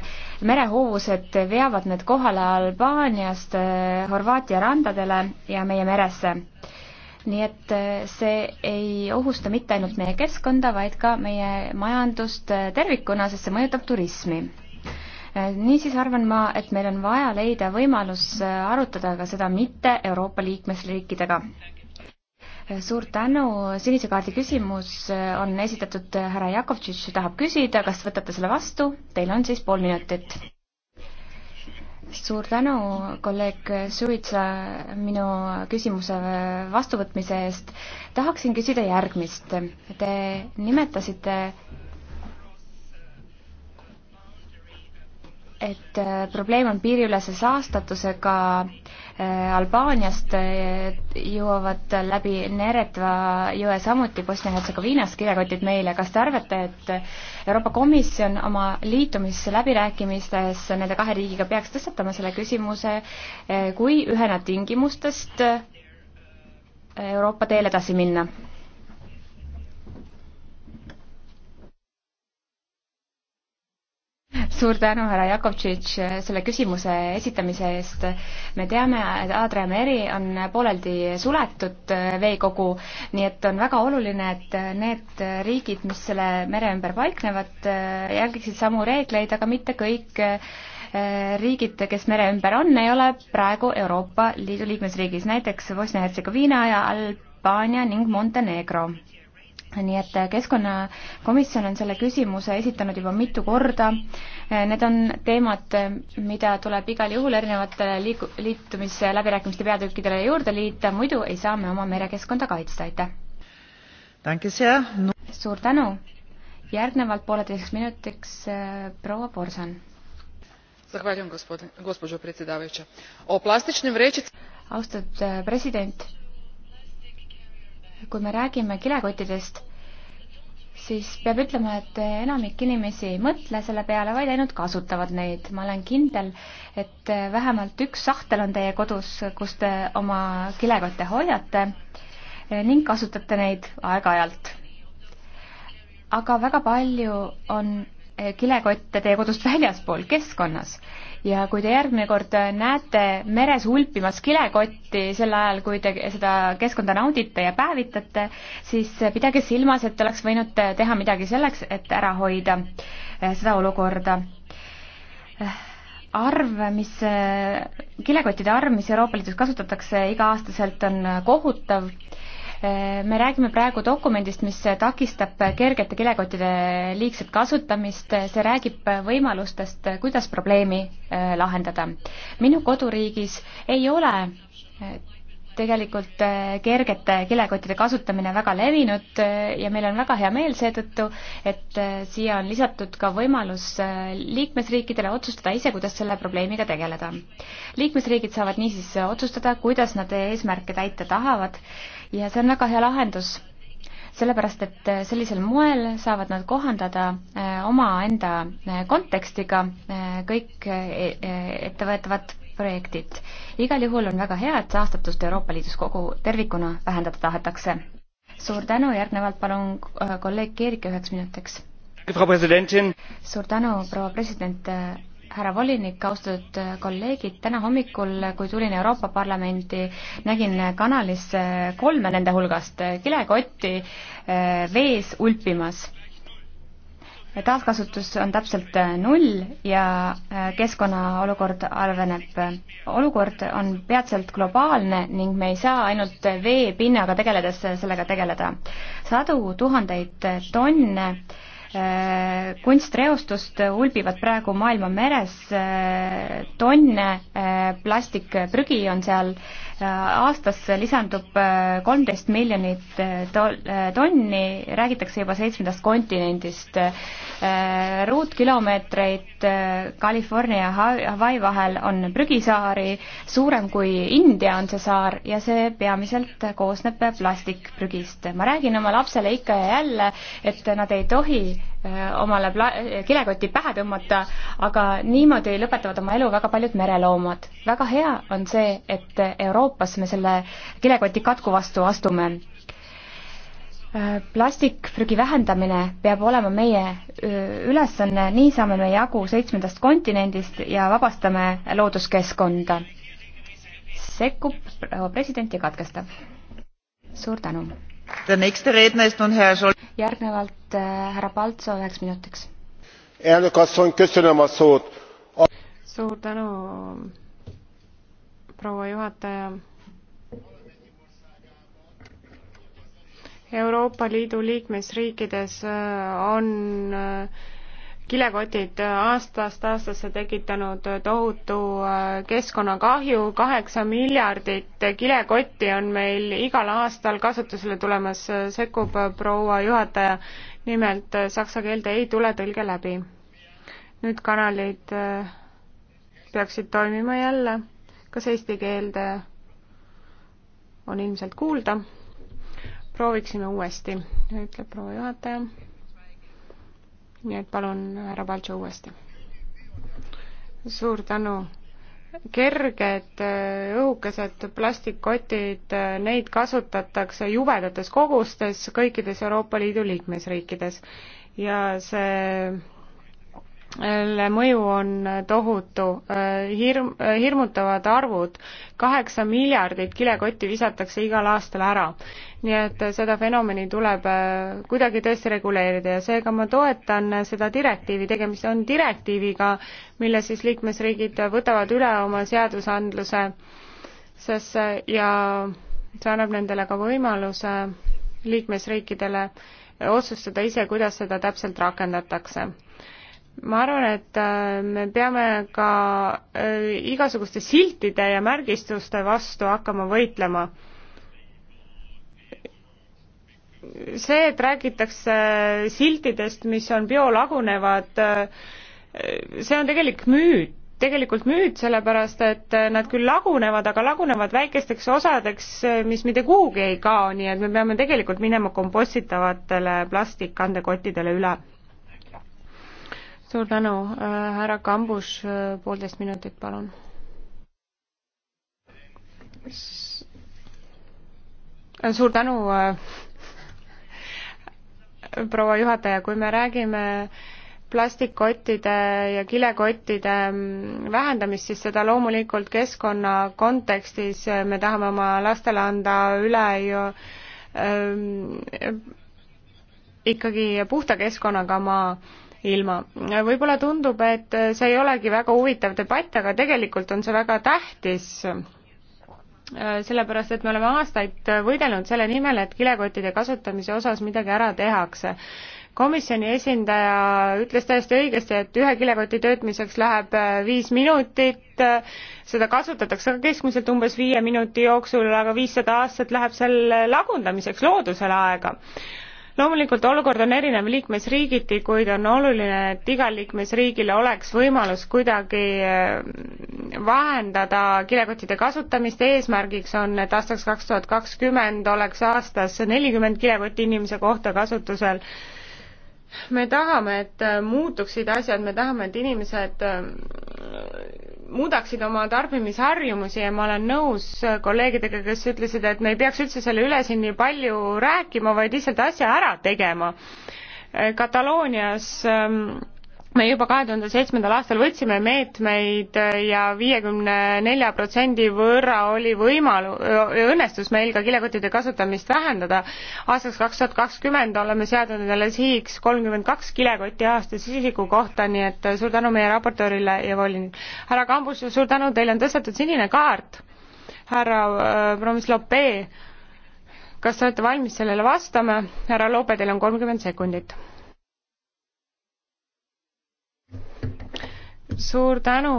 merehoovused veavad need kohale Albaaniast äh, Horvaatia randadele ja meie meresse nii et äh, see ei ohusta mitte ainult meie keskkonda, vaid ka meie majandust tervikuna, sest see mõjutab turismi. niisiis arvan ma, et meil on vaja leida võimalus arutada ka seda mitte Euroopa liikmesriikidega suur tänu, sinise kaardi küsimus äh, on esitatud, äh, härra Jakovtšitš tahab küsida, kas võtate selle vastu, teil on siis pool minutit. suur tänu, kolleeg Suitsa, minu küsimuse äh, vastuvõtmise eest. tahaksin küsida järgmist. Te nimetasite et äh, probleem on piiriülese saastatusega äh, Albaaniast äh, jõuavad läbi Neretva jõe samuti Bosnia-Hertsegoviinas kilekotid meile. kas te arvate, et Euroopa Komisjon oma liitumisläbirääkimistes nende kahe riigiga peaks tõstatama selle küsimuse kui ühena tingimustest Euroopa teel edasi minna? suur tänu, härra Jakovtšitš, selle küsimuse esitamise eest. me teame, et Aadria meri on pooleldi suletud äh, veekogu, nii et on väga oluline, et need riigid, mis selle mere ümber paiknevad, äh, jälgiksid samu reegleid, aga mitte kõik äh, riigid, kes mere ümber on, ei ole praegu Euroopa Liidu liikmesriigis, näiteks Bosnia-Hertsegoviina ja Albaania ning Montenegro nii et äh, Keskkonnakomisjon on selle küsimuse esitanud juba mitu korda. Äh, need on teemad, äh, mida tuleb igal juhul erinevatele liiku-, liitumisläbirääkimiste peatükkidele juurde liita, muidu ei saa me oma merekeskkonda kaitsta, aitäh! No. suur tänu! järgnevalt pooleteiseks minutiks proua Borsan. austatud president! kui me räägime kilekottidest, siis peab ütlema, et enamik inimesi ei mõtle selle peale, vaid ainult kasutavad neid. ma olen kindel, et vähemalt üks sahtel on teie kodus, kus te oma kilekotte hoiate ning kasutate neid aeg-ajalt. aga väga palju on kilekotte teie kodust väljaspool keskkonnas ja kui te järgmine kord näete meres ulpimas kilekotti sel ajal, kui te seda keskkonda naudite ja päevitate, siis pidage silmas, et oleks võinud teha midagi selleks, et ära hoida eh, seda olukorda. Eh, arv, mis, eh, kilekottide arv, mis Euroopa Liidus kasutatakse iga-aastaselt, on kohutav me räägime praegu dokumendist, mis takistab kergete kilekottide liigset kasutamist, see räägib võimalustest, kuidas probleemi äh, lahendada. minu koduriigis ei ole äh, tegelikult äh, kergete kilekottide kasutamine väga levinud ja meil on väga hea meel seetõttu, et siia on lisatud ka võimalus liikmesriikidele otsustada ise, kuidas selle probleemiga tegeleda. liikmesriigid saavad niisiis otsustada, kuidas nad eesmärke täita tahavad ja see on väga hea lahendus, sellepärast et äh, sellisel moel saavad nad kohandada äh, omaenda äh, kontekstiga kõik e, ettevõetavad projektid. igal juhul on väga hea, et saastatust Euroopa Liidus kogu tervikuna vähendada tahetakse. suur tänu, järgnevalt palun kolleeg Keerike üheks minutiks. suur tänu, proua president härra volinik, austatud kolleegid, täna hommikul, kui tulin Euroopa Parlamenti, nägin kanalis kolme nende hulgast kilekotti vees ulpimas taaskasutus on täpselt null ja keskkonna olukord halveneb. olukord on peatselt globaalne ning me ei saa ainult veepinnaga tegeledes sellega tegeleda. sadu tuhandeid tonne äh, Äh, kunstreostust ulbivad praegu maailma meres, äh, tonne äh, plastikprügi on seal aastas lisandub äh, kolmteist miljonit äh, äh, tonni, räägitakse juba seitsmendast kontinendist. ruutkilomeetreid California ja Hawaii vahel on prügisaari, suurem kui India on see saar ja see peamiselt koosneb plastikprügist. ma räägin oma lapsele ikka ja jälle, et nad ei tohi Äh, omale pla-, äh, kilekoti pähe tõmmata, aga niimoodi lõpetavad oma elu väga paljud mereloomad. väga hea on see, et Euroopas me selle kilekoti katku vastu astume. Äh, plastikprügi vähendamine peab olema meie ülesanne, nii saame me jagu seitsmendast kontinendist ja vabastame looduskeskkonda. sekkub proua president ja katkestab. suur tänu! järgnevalt äh, härra Paltso üheks minutiks. suur tänu, proua juhataja Euroopa Liidu liikmesriikides äh, on äh, kilekotid aastast aastasse tekitanud tohutu äh, keskkonnakahju, kaheksa miljardit kilekotti on meil igal aastal kasutusele tulemas, sekkub proua juhataja. nimelt äh, saksa keelde ei tule tõlge läbi. nüüd kanalid äh, peaksid toimima jälle, kas eesti keelde on ilmselt kuulda? prooviksime uuesti, ütleb proua juhataja nii et palun, härra Paltšo uuesti. suur tänu. kerged äh, õhukesed plastikkotid, äh, neid kasutatakse jubedates kogustes kõikides Euroopa Liidu liikmesriikides ja see mõju on tohutu, äh, hirm, äh, hirmutavad arvud, kaheksa miljardit kilekotti visatakse igal aastal ära. nii et äh, seda fenomeni tuleb kuidagi tõesti reguleerida ja seega ma toetan seda direktiivi, tegemist on direktiiviga, mille siis liikmesriigid võtavad üle oma seadusandluse, sest ja see annab nendele ka võimaluse liikmesriikidele otsustada ise, kuidas seda täpselt rakendatakse ma arvan, et äh, me peame ka äh, igasuguste siltide ja märgistuste vastu hakkama võitlema. see, et räägitakse siltidest, mis on biolagunevad, äh, see on tegelik müüt, tegelikult müüt, sellepärast et nad küll lagunevad, aga lagunevad väikesteks osadeks, mis mitte kuhugi ei kao, nii et me peame tegelikult minema kompostitavatele plastikkandekottidele üle suur tänu, äh, härra Kambus, äh, poolteist minutit, palun. suur tänu, äh, proua juhataja, kui me räägime plastikkottide ja kilekottide mm, vähendamist, siis seda loomulikult keskkonna kontekstis me tahame oma lastele anda üle ju ähm, ikkagi puhta keskkonnaga maa ilma. võib-olla tundub, et see ei olegi väga huvitav debatt, aga tegelikult on see väga tähtis, sellepärast et me oleme aastaid võidelnud selle nimel, et kilekottide kasutamise osas midagi ära tehakse. komisjoni esindaja ütles täiesti õigesti, et ühe kilekoti töötmiseks läheb viis minutit, seda kasutatakse ka keskmiselt umbes viie minuti jooksul, aga viissada aastat läheb selle lagundamiseks loodusele aega loomulikult olukord on erinev liikmesriigiti, kuid on oluline, et igal liikmesriigil oleks võimalus kuidagi äh, vahendada kilekottide kasutamist, eesmärgiks on, et aastaks kaks tuhat kakskümmend oleks aastas nelikümmend kilekotti inimese kohta kasutusel. me tahame, et äh, muutuksid asjad, me tahame, et inimesed äh, muudaksid oma tarbimisharjumusi ja ma olen nõus kolleegidega, kes ütlesid, et me ei peaks üldse selle üle siin nii palju rääkima, vaid lihtsalt asja ära tegema. Kataloonias ähm, me juba kahe tuhande seitsmendal aastal võtsime meetmeid ja viiekümne nelja protsendi võrra oli võimalu-, õnnestus meil ka kilekottide kasutamist vähendada. aastaks kaks tuhat kakskümmend oleme seadnud endale sihiks kolmkümmend kaks kilekotti aastas isiku kohta, nii et suur tänu meie raportöörile ja volinik. härra Kambus, suur tänu, teil on tõstetud sinine kaart, härra äh, Promislope, kas te olete valmis sellele vastama? härra Loope, teil on kolmkümmend sekundit suur tänu,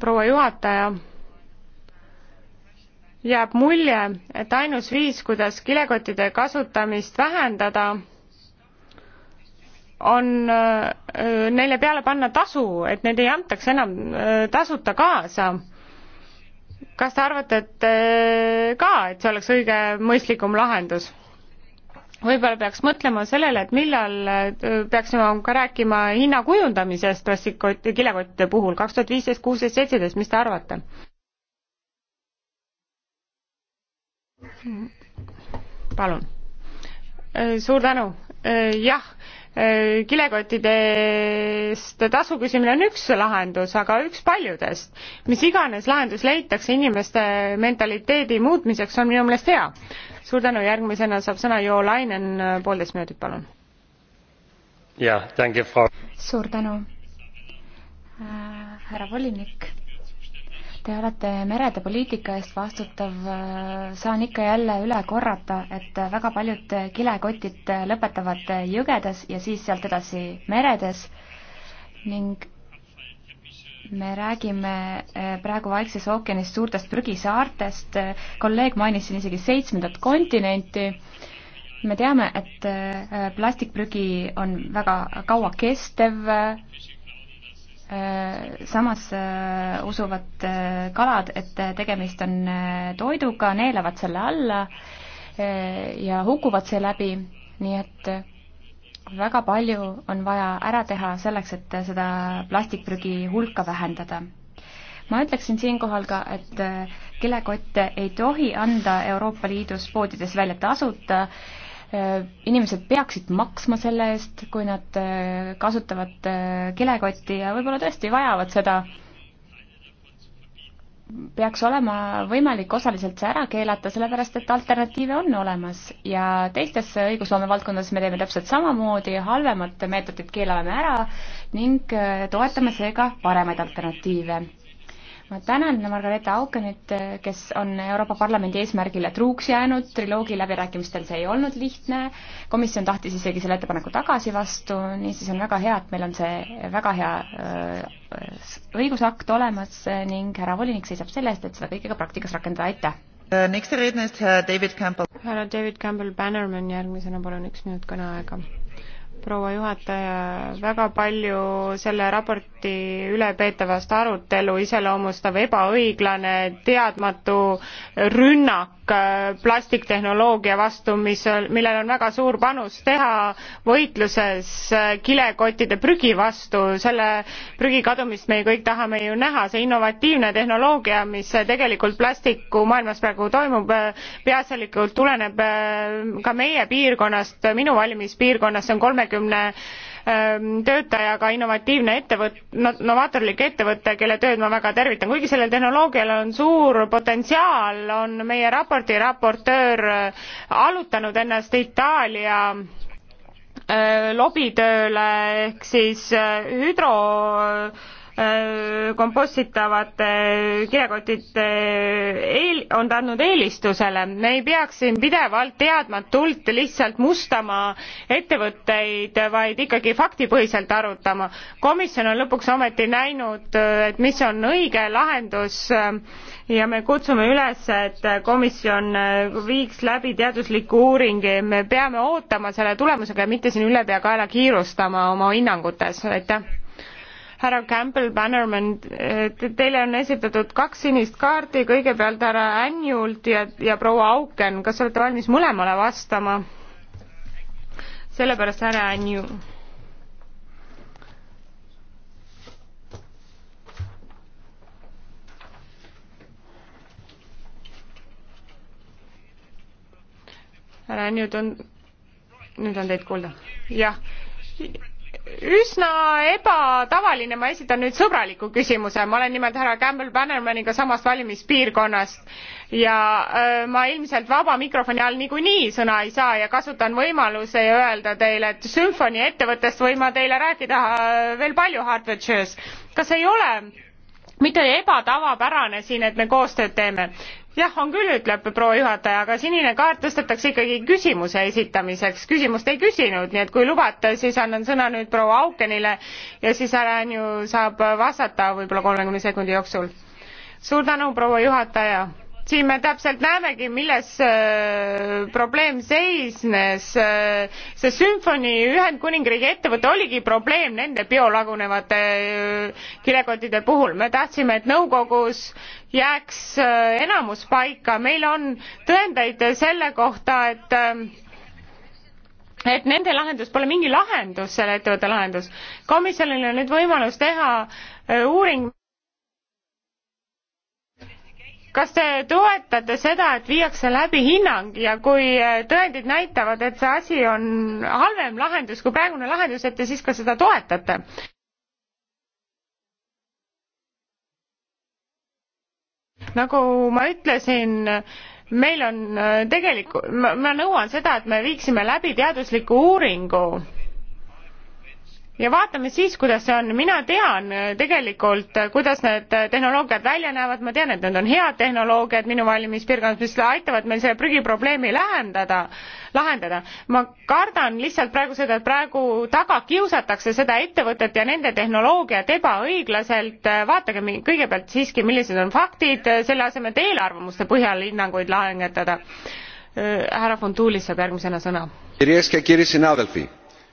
proua juhataja. jääb mulje, et ainus viis, kuidas kilekottide kasutamist vähendada, on äh, neile peale panna tasu, et need ei antaks enam äh, tasuta kaasa. kas te arvate, et äh, ka, et see oleks kõige mõistlikum lahendus? võib-olla peaks mõtlema sellele, et millal äh, peaksime ka rääkima hinna kujundamisest plastikkottide, kilekottide puhul, kaks tuhat viisteist, kuusteist, seitseteist, mis te arvate? Hmm. palun. Äh, suur tänu, äh, jah Äh, kilekottidest tasu küsimine on üks lahendus, aga üks paljudest. mis iganes lahendus leitakse inimeste mentaliteedi muutmiseks, on minu meelest hea. suur tänu, järgmisena saab sõna Jo Lainen, poolteist minutit, palun. jah, tänke, Frau. suur tänu äh,, härra volinik Te olete merede poliitika eest vastutav, saan ikka jälle üle korrata, et väga paljud kilekotid lõpetavad jõgedes ja siis sealt edasi meredes ning me räägime eh, praegu Vaikses ookeanis suurtest prügisaartest, kolleeg mainis siin isegi seitsmendat kontinenti, me teame, et eh, plastikprügi on väga kaua kestev, Äh, samas äh, usuvad äh, kalad, et tegemist on toiduga, neelavad selle alla ja hukuvad seeläbi, nii et väga palju on vaja ära teha selleks, et seda plastikprügi hulka vähendada. ma ütleksin siinkohal ka, et kilekotte ei tohi anda Euroopa Liidus poodides välja tasuta ta Äh, inimesed peaksid maksma selle eest, kui nad äh, kasutavad äh, kilekotti ja võib-olla tõesti vajavad seda. peaks olema võimalik osaliselt see ära keelata, sellepärast et alternatiive on olemas ja teistes õigusloome valdkondades me teeme täpselt samamoodi, halvemad meetodid keelame ära ning toetame seega paremaid alternatiive ma tänan Margareeta Aukenit, kes on Euroopa Parlamendi eesmärgile truuks jäänud, triloogi läbirääkimistel see ei olnud lihtne, komisjon tahtis isegi selle ettepaneku tagasi vastu, niisiis on väga hea, et meil on see väga hea äh, õigusakt olemas ning härra volinik seisab selle eest, et seda kõike ka praktikas rakendada, aitäh! Äh, äh, härra David Campbell Bannerman järgmisena, palun üks minut kõneaega proua juhataja, väga palju selle raporti üle peetavast arutelu iseloomustav ebaõiglane teadmatu rünnak äh, plastiktehnoloogia vastu, mis, millel on väga suur panus teha võitluses äh, kilekottide prügi vastu, selle prügi kadumist me kõik tahame ju näha, see innovatiivne tehnoloogia, mis äh, tegelikult plastiku maailmas praegu toimub, peaasjalikult tuleneb ka meie piirkonnast, minu valimispiirkonnast, see on kolme neljakümne ähm, töötajaga innovatiivne ettevõt- no,, novaatorlik ettevõte, kelle tööd ma väga tervitan, kuigi sellel tehnoloogial on suur potentsiaal, on meie raporti raportöör äh, allutanud ennast Itaalia äh, lobitööle ehk siis äh, hüdro Äh, kompostitavad kilekotid eel-, on ta andnud eelistusele. me ei peaks siin pidevalt teadmatult lihtsalt mustama ettevõtteid, vaid ikkagi faktipõhiselt arutama. komisjon on lõpuks ometi näinud, et mis on õige lahendus äh, ja me kutsume üles, et komisjon äh, viiks läbi teadusliku uuringi. me peame ootama selle tulemusega ja mitte siin ülepeakaela kiirustama oma hinnangutes, aitäh härra Campbell Bannerman, teile on esitatud kaks sinist kaarti, kõigepealt härra Anjult ja, ja proua Auken, kas olete valmis mõlemale vastama? sellepärast härra Anju. härra Anju, nüüd on, nüüd on teid kuulda. jah üsna ebatavaline, ma esitan nüüd sõbraliku küsimuse, ma olen nimelt härra Campbell Bannermaniga samast valimispiirkonnast ja öö, äh, ma ilmselt vaba mikrofoni all niikuinii sõna ei saa ja kasutan võimaluse ja öelda teile, et sümfoni ettevõttest võin ma teile rääkida äh, veel palju Hertfordshire's. kas ei ole mitte ebatavapärane siin, et me koostööd teeme jah, on küll, ütleb proua juhataja, aga sinine kaart tõstetakse ikkagi küsimuse esitamiseks, küsimust ei küsinud, nii et kui lubate, siis annan sõna nüüd proua Aukenile ja siis härra Anju saab vastata võib-olla kolmekümne sekundi jooksul. suur tänu, proua juhataja siin me täpselt näemegi, milles äh, probleem seisnes äh,. see sümfoni Ühendkuningriigi ettevõte oligi probleem nende biolagunevate äh, kilekottide puhul. me tahtsime, et nõukogus jääks äh, enamus paika, meil on tõendeid selle kohta, et äh, et nende lahendus pole mingi lahendus, selle ettevõtte lahendus. komisjonil on nüüd võimalus teha äh, uuring kas te toetate seda, et viiakse läbi hinnang ja kui äh, tõendid näitavad, et see asi on halvem lahendus kui praegune lahendus, et te siis ka seda toetate? nagu ma ütlesin, meil on äh, tegelikult, ma nõuan seda, et me viiksime läbi teadusliku uuringu ja vaatame siis, kuidas see on, mina tean äh, tegelikult, äh, kuidas need äh, tehnoloogiad välja näevad, ma tean, et need on head tehnoloogiad minu valimispiirkonnas, mis aitavad meil selle prügiprobleemi lähendada, lahendada. ma kardan lihtsalt praegu seda, et praegu taga kiusatakse seda ettevõtet ja nende tehnoloogiat ebaõiglaselt, vaatage kõigepealt siiski, millised on faktid, selle asemel et eelarvamuste põhjal hinnanguid langetada. härra Fontuulis saab järgmisena sõna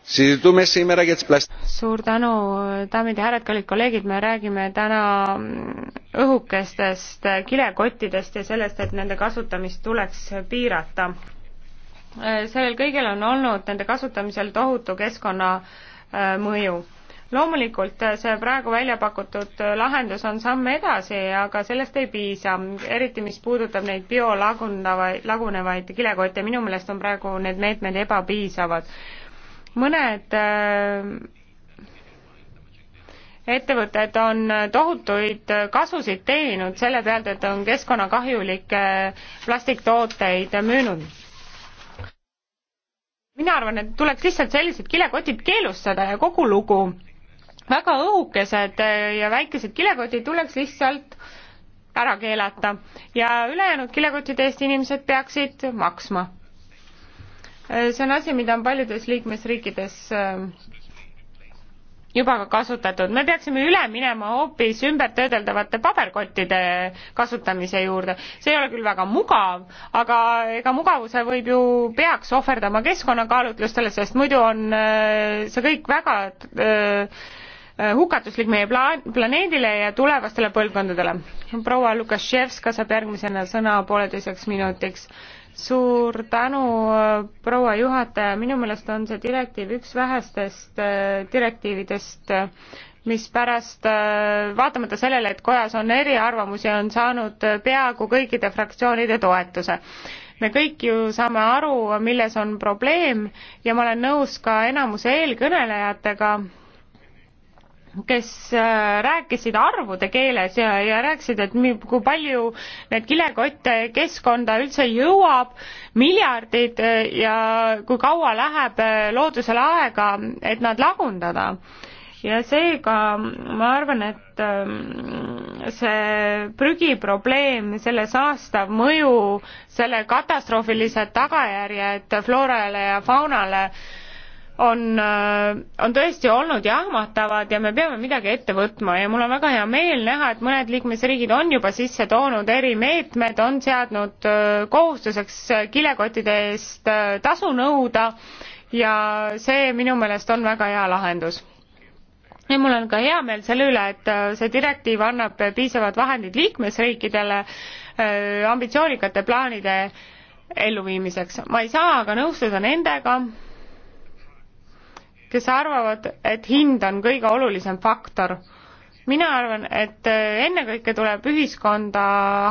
suur tänu, daamid ja härrad, kallid kolleegid, me räägime täna mm, õhukestest kilekottidest ja sellest, et nende kasutamist tuleks piirata. sellel kõigel on olnud nende kasutamisel tohutu keskkonnamõju äh, loomulikult äh, see praegu välja pakutud äh, lahendus on samm edasi, aga sellest ei piisa, eriti mis puudutab neid biolaguneva, lagunevaid kilekotte, minu meelest on praegu need meetmed ebapiisavad mõned äh, ettevõtted on tohutuid kasusid teeninud selle pealt, et on keskkonnakahjulikke plastiktooteid müünud. mina arvan, et tuleks lihtsalt sellised kilekotid keelustada ja kogu lugu. väga õhukesed äh, ja väikesed kilekotid tuleks lihtsalt ära keelata ja ülejäänud kilekotide eest inimesed peaksid maksma Äh, see on asi, mida on paljudes liikmesriikides äh, juba ka kasutatud. me peaksime üle minema hoopis ümbertöödeldavate paberkottide kasutamise juurde. see ei ole küll väga mugav, aga ega mugavuse võib ju, peaks ohverdama keskkonnakaalutlustele, sest muidu on äh, see kõik väga hukatuslik meie plaan-, planeedile ja tulevastele põlvkondadele. proua Lukaševska saab järgmisena sõna pooleteiseks minutiks suur tänu, äh, proua juhataja, minu meelest on see direktiiv üks vähestest äh, direktiividest, äh, mis pärast, vaatamata sellele, et kojas on eriarvamusi, on saanud peaaegu kõikide fraktsioonide toetuse. me kõik ju saame aru, milles on probleem ja ma olen nõus ka enamuse eelkõnelejatega, kes äh, rääkisid arvude keeles ja, ja rääkisid, et kui palju need kilekotte keskkonda üldse jõuab, miljardid äh, ja kui kaua läheb äh, loodusele aega, et nad lagundada. ja seega ma arvan, et ähm, see prügiprobleem, selle saastav mõju, selle katastroofilised tagajärjed floorale ja faunale, on, äh, on tõesti olnud jahmatavad ja me peame midagi ette võtma ja mul on väga hea meel näha, et mõned liikmesriigid on juba sisse toonud erimeetmed, on seadnud äh, kohustuseks äh, kilekottide eest tasu nõuda ja see minu meelest on väga hea lahendus ja mul on ka hea meel selle üle, et see direktiiv annab piisavad vahendid liikmesriikidele ambitsioonikate plaanide elluviimiseks. ma ei saa aga nõustuda nendega, kes arvavad, et hind on kõige olulisem faktor. mina arvan, et äh, ennekõike tuleb ühiskonda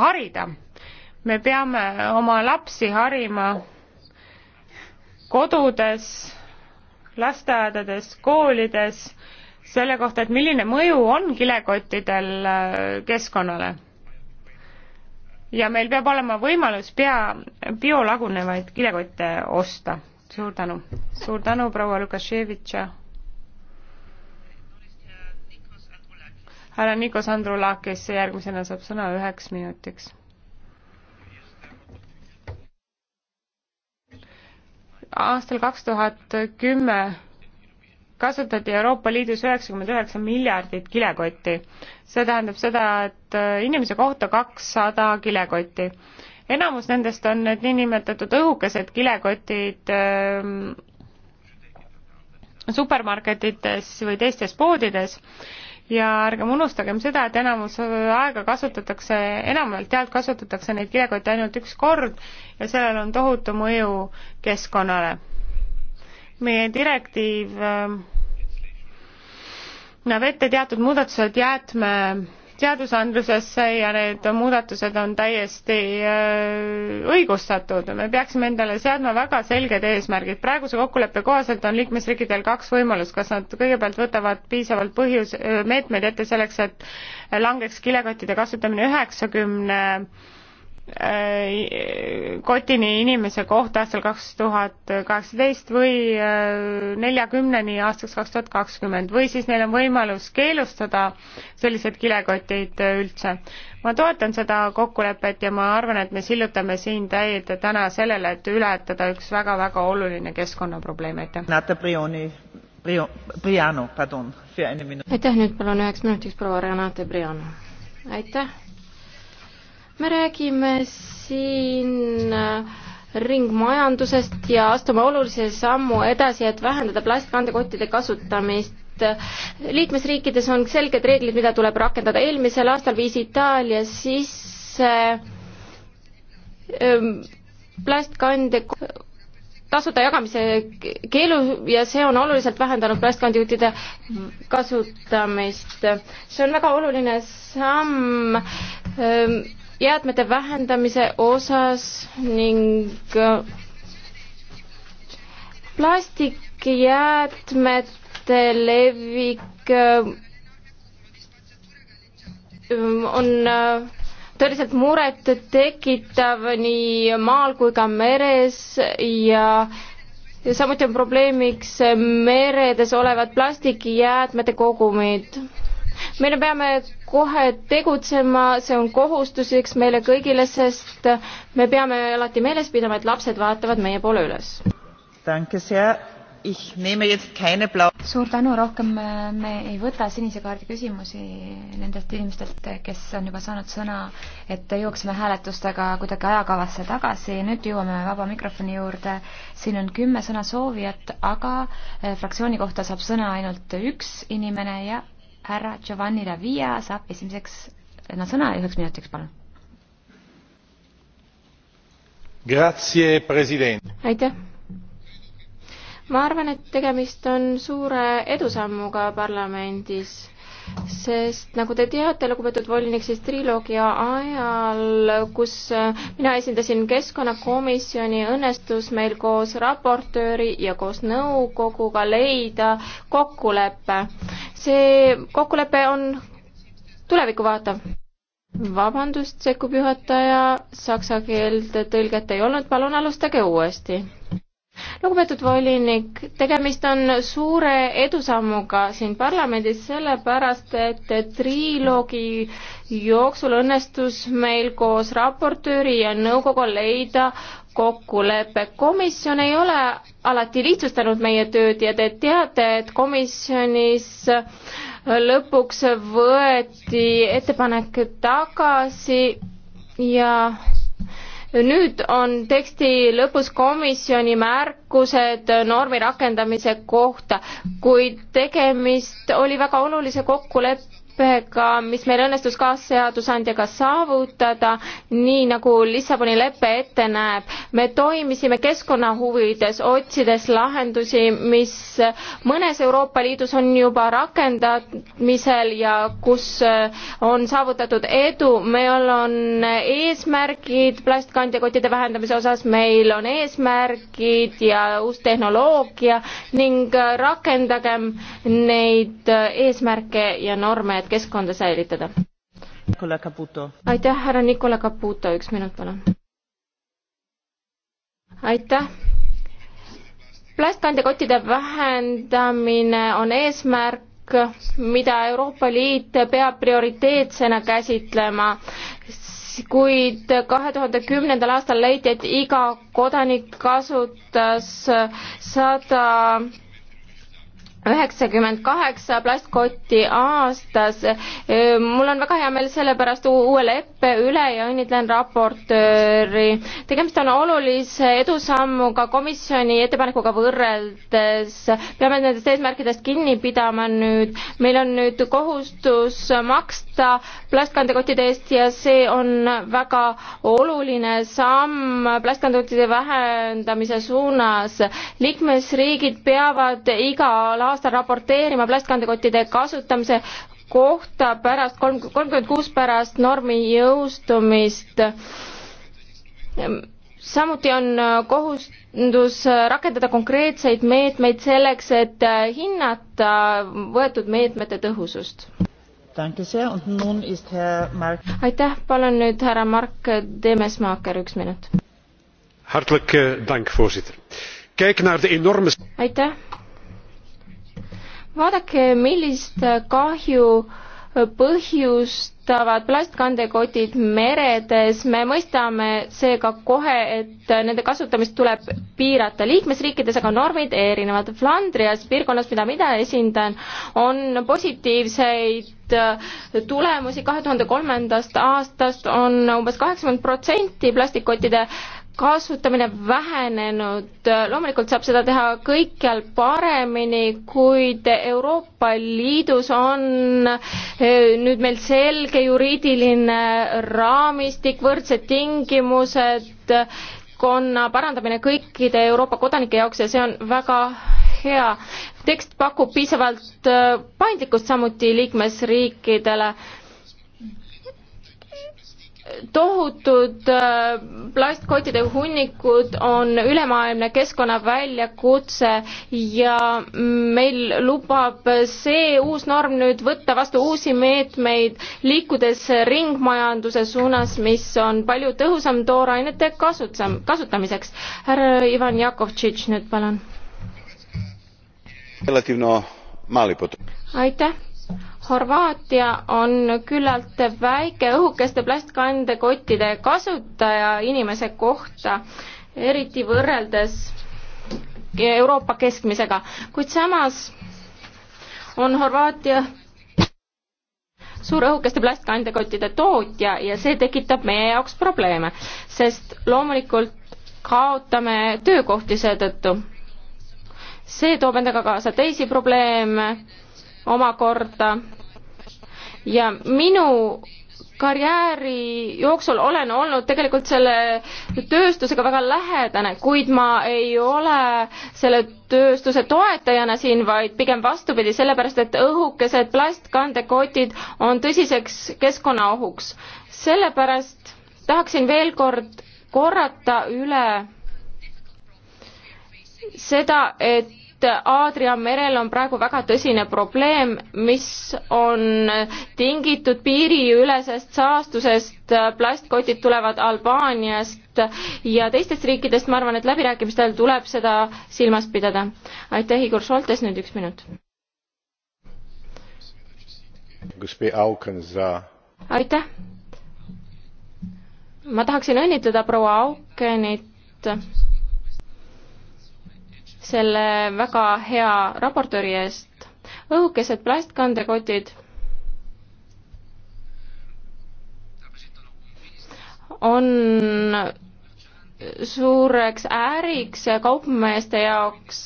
harida. me peame oma lapsi harima kodudes, lasteaedades, koolides, selle kohta, et milline mõju on kilekottidel äh, keskkonnale. ja meil peab olema võimalus pea, biolagunevaid kilekotte osta suur tänu. suur tänu, proua Lukaševitš. härra Nikos Andrulakis, järgmisena saab sõna üheks minutiks. aastal kaks tuhat kümme kasutati Euroopa Liidus üheksakümmend üheksa miljardit kilekotti. see tähendab seda, et inimese kohta kakssada kilekotti enamus nendest on need niinimetatud õhukesed kilekotid ähm, supermarketites või teistes poodides ja ärgem unustagem seda, et enamus äh, aega kasutatakse, enamalt jaolt kasutatakse neid kilekotte ainult üks kord ja sellel on tohutu mõju keskkonnale. meie direktiiv ähm, näeb ette teatud muudatused jäätme seadusandlusesse ja need muudatused on täiesti äh, õigustatud. me peaksime endale seadma väga selged eesmärgid. praeguse kokkuleppe kohaselt on liikmesriikidel kaks võimalust, kas nad kõigepealt võtavad piisavalt põhjus, meetmeid ette selleks, et langekski kilekottide kasutamine üheksakümne 90 Äh, kotini inimese kohta aastal kaks tuhat kaheksateist või äh, neljakümneni aastaks kaks tuhat kakskümmend või siis neil on võimalus keelustada sellised kilekotid äh, üldse. ma toetan seda kokkulepet ja ma arvan, et me sillutame siin teed täna sellele, et ületada üks väga-väga oluline keskkonnaprobleem, aitäh. aitäh, nüüd palun üheks minutiks proua Renate Briano. aitäh me räägime siin äh, ringmajandusest ja astume olulise sammu edasi, et vähendada plastkandekottide kasutamist. liikmesriikides on selged reeglid, mida tuleb rakendada. eelmisel aastal viis Itaalia sisse ähm, plastkande tasuta jagamise keelu ja see on oluliselt vähendanud plastkandjuhtide kasutamist. see on väga oluline samm ähm, jäätmete vähendamise osas ning äh, plastikjäätmete levik äh, on äh, tõeliselt muret tekitav nii maal kui ka meres ja samuti on probleemiks meredes olevad plastikjäätmete kogumid. me peame kohe tegutsema, see on kohustuseks meile kõigile, sest me peame alati meeles pidama, et lapsed vaatavad meie poole üles. suur tänu, rohkem me ei võta sinise kaardi küsimusi nendelt inimestelt, kes on juba saanud sõna, et jõuaksime hääletustega kuidagi ajakavasse tagasi, nüüd jõuame vaba mikrofoni juurde. siin on kümme sõnasoovijat, aga eh, fraktsiooni kohta saab sõna ainult üks inimene ja härra Giovanni Lavia saab esimeseks no, sõna üheks minutiks, palun. aitäh. ma arvan, et tegemist on suure edusammuga parlamendis sest nagu te teate, lugupeetud volinik, siis triloogia ajal, kus äh, mina esindasin keskkonnakomisjoni, õnnestus meil koos raportööri ja koos nõukoguga leida kokkulepe. see kokkulepe on tulevikku vaatav. vabandust, sekkub juhataja, saksa keelt tõlget ei olnud, palun alustage uuesti lugupeetud volinik, tegemist on suure edusammuga siin parlamendis, sellepärast et triloogi jooksul õnnestus meil koos raportööri ja nõukogu leida kokkulepe. komisjon ei ole alati lihtsustanud meie tööd ja te teate, et komisjonis lõpuks võeti ettepanek tagasi ja nüüd on teksti lõpus komisjoni märkused normi rakendamise kohta, kuid tegemist oli väga olulise kokkuleppega leppega, mis meil õnnestus kaasseadusandjaga saavutada, nii nagu Lissaboni lepe ette näeb. me toimisime keskkonna huvides, otsides lahendusi, mis mõnes Euroopa Liidus on juba rakendamisel ja kus äh, on saavutatud edu. meil on eesmärgid plastkandjakottide vähendamise osas, meil on eesmärgid ja uus tehnoloogia ning rakendagem neid eesmärke ja norme tuleb keskkonda säilitada. aitäh, härra Nicola Caputo, üks minut, palun. aitäh plastkandekottide vähendamine on eesmärk, mida Euroopa Liit peab prioriteetsena käsitlema, kuid kahe tuhande kümnendal aastal leiti, et iga kodanik kasutas sada 100 üheksakümmend kaheksa plastkotti aastas. mul on väga hea meel selle pärast uue leppe üle ja õnnitlen raportööri. tegemist on olulise edusammuga komisjoni ettepanekuga võrreldes. peame nendest eesmärkidest kinni pidama nüüd. meil on nüüd kohustus maksta plastkandekottide eest ja see on väga oluline samm plastkandekottide vähendamise suunas. liikmesriigid peavad igal aastal aastal raporteerima plastkandekottide kasutamise kohta pärast kolm, kolmkümmend kuus pärast normi jõustumist. samuti on kohustus rakendada konkreetseid meetmeid selleks, et hinnata võetud meetmete tõhusust. aitäh, palun nüüd härra Mark Demesmaaker, üks minut. hartelijk dank, voorzitter. kijk naar de enorme. aitäh vaadake, millist kahju põhjustavad plastkandekotid meredes, me mõistame seega kohe, et nende kasutamist tuleb piirata. liikmesriikides aga normid erinevad. Flandrias, piirkonnas, mida mina esindan, on positiivseid tulemusi kahe tuhande kolmandast aastast on umbes kaheksakümmend protsenti plastikkottide kasutamine vähenenud, loomulikult saab seda teha kõikjal paremini, kuid Euroopa Liidus on eh, nüüd meil selge juriidiline raamistik, võrdsed tingimused, konna parandamine kõikide Euroopa kodanike jaoks ja see on väga hea. tekst pakub piisavalt eh, paindlikkust samuti liikmesriikidele tohutud äh, plastkottide hunnikud on ülemaailmne keskkonnaväljakutse ja meil lubab see uus norm nüüd võtta vastu uusi meetmeid, liikudes ringmajanduse suunas, mis on palju tõhusam toorainete kasutsam-, kasutamiseks. härra Ivan Jakovtšitš nüüd palun. aitäh Horvaatia on küllalt väike õhukeste plastkandekottide kasutaja inimese kohta, eriti võrreldes Euroopa keskmisega, kuid samas on Horvaatia suur õhukeste plastkandekottide tootja ja see tekitab meie jaoks probleeme, sest loomulikult kaotame töökohti seetõttu. see toob endaga kaasa teisi probleeme omakorda ja minu karjääri jooksul olen olnud tegelikult selle tööstusega väga lähedane, kuid ma ei ole selle tööstuse toetajana siin, vaid pigem vastupidi, sellepärast et õhukesed plastkandekotid on tõsiseks keskkonnaohuks. sellepärast tahaksin veel kord korrata üle seda, et et Aadria merel on praegu väga tõsine probleem, mis on tingitud piiriülesest saastusest, plastkotid tulevad Albaaniast ja teistest riikidest, ma arvan, et läbirääkimistel tuleb seda silmas pidada. aitäh, Igor Šoltes, nüüd üks minut. aitäh. ma tahaksin õnnitleda proua Aukenit selle väga hea raportööri eest. õhukesed plastkandekotid on suureks äriks kaupmeeste jaoks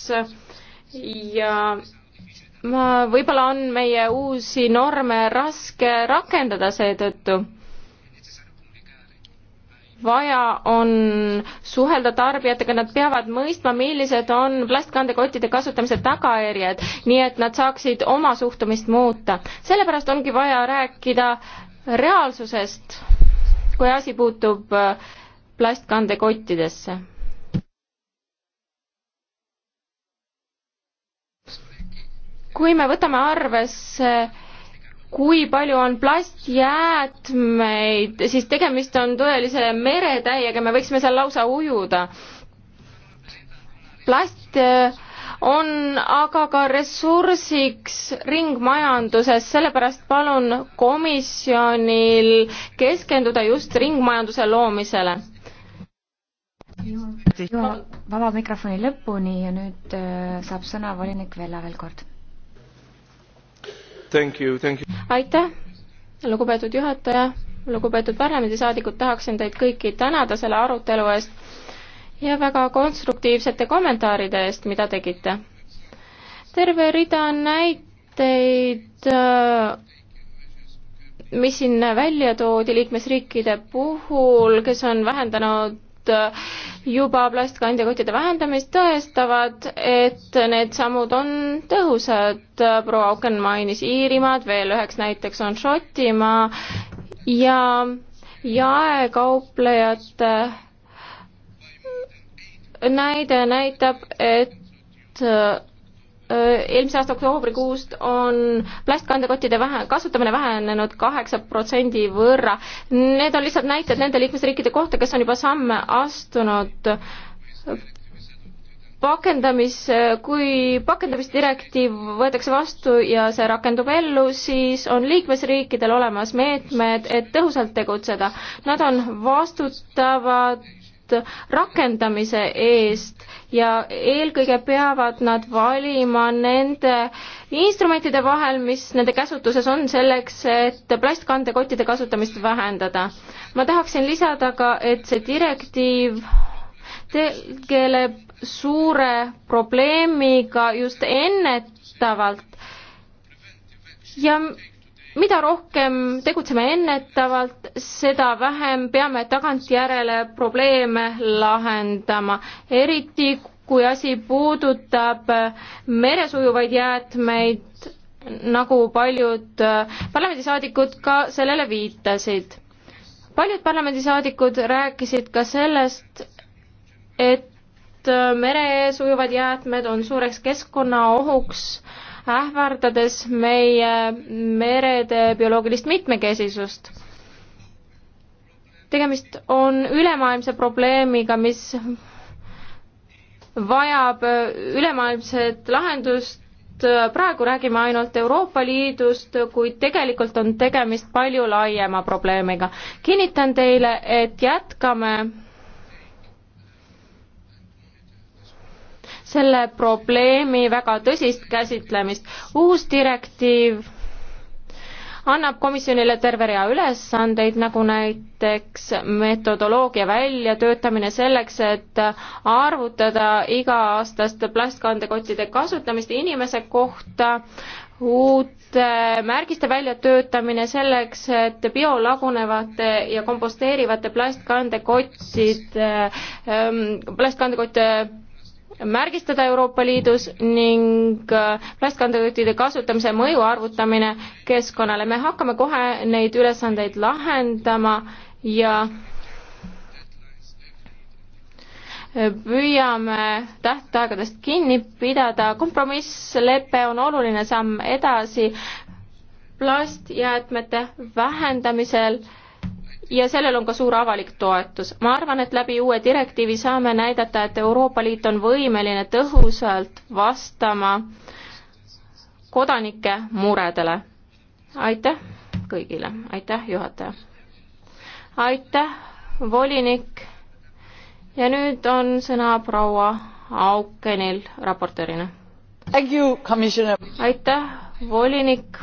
ja ma, võib-olla on meie uusi norme raske rakendada seetõttu vaja on suhelda tarbijatega, nad peavad mõistma, millised on plastkandekottide kasutamise tagajärjed, nii et nad saaksid oma suhtumist muuta. sellepärast ongi vaja rääkida reaalsusest, kui asi puutub äh, plastkandekottidesse. kui me võtame arvesse kui palju on plastjäätmeid, siis tegemist on tõelise meretäiega, me võiksime seal lausa ujuda. plast äh, on aga ka ressursiks ringmajanduses, sellepärast palun komisjonil keskenduda just ringmajanduse loomisele. vaba mikrofoni lõpuni ja nüüd äh, saab sõna volinik Vella veel kord aitäh, lugupeetud juhataja, lugupeetud parlamendisaadikud, tahaksin teid kõiki tänada selle arutelu eest ja väga konstruktiivsete kommentaaride eest, mida tegite. terve rida näiteid, mis siin välja toodi liikmesriikide puhul, kes on vähendanud Äh, juba plastkandjakottide vähendamist tõestavad, et need sammud on tõhusad. proua Auken mainis Iirimaad, veel üheks näiteks on Šotimaa ja jaekauplejate näide näitab, et äh, Äh, eelmise aasta oktoobrikuust on plastkandekottide vähe, kasutamine vähenenud kaheksa protsendi võrra. Need on lihtsalt näited nende liikmesriikide kohta, kes on juba samme astunud pakendamis, kui pakendamisdirektiiv võetakse vastu ja see rakendub ellu, siis on liikmesriikidel olemas meetmed, et tõhusalt tegutseda. Nad on vastutavad vastutust rakendamise eest ja eelkõige peavad nad valima nende instrumentide vahel, mis nende käsutuses on, selleks et plastkandekottide kasutamist vähendada. ma tahaksin lisada ka, et see direktiiv tegeleb suure probleemiga just ennetavalt ja mida rohkem tegutseme ennetavalt, seda vähem peame tagantjärele probleeme lahendama, eriti kui asi puudutab meres ujuvaid jäätmeid, nagu paljud äh, parlamendisaadikud ka sellele viitasid. paljud parlamendisaadikud rääkisid ka sellest, et äh, mere ees ujuvad jäätmed on suureks keskkonnaohuks äh, ähvardades meie merede bioloogilist mitmekesisust. tegemist on ülemaailmse probleemiga, mis vajab ülemaailmset lahendust, praegu räägime ainult Euroopa Liidust, kuid tegelikult on tegemist palju laiema probleemiga. kinnitan teile, et jätkame selle probleemi väga tõsist käsitlemist. uus direktiiv annab komisjonile terve rea ülesandeid, nagu näiteks metodoloogia väljatöötamine selleks, et arvutada iga-aastast plastkandekottide kasutamist inimese kohta, uute märgiste väljatöötamine selleks, et biolagunevate ja komposteerivate plastkandekottide, ähm, plastkandekotte märgistada Euroopa Liidus ning äh, plastkandeküttide kasutamise mõju arvutamine keskkonnale. me hakkame kohe neid ülesandeid lahendama ja äh, püüame tähtaegadest kinni pidada. kompromisslepe on oluline samm edasi plastjäätmete vähendamisel ja sellel on ka suur avalik toetus. ma arvan, et läbi uue direktiivi saame näidata, et Euroopa Liit on võimeline tõhusalt vastama kodanike muredele. aitäh kõigile, aitäh juhataja. aitäh, volinik. ja nüüd on sõna proua Aukenil raportöörina. aitäh, volinik.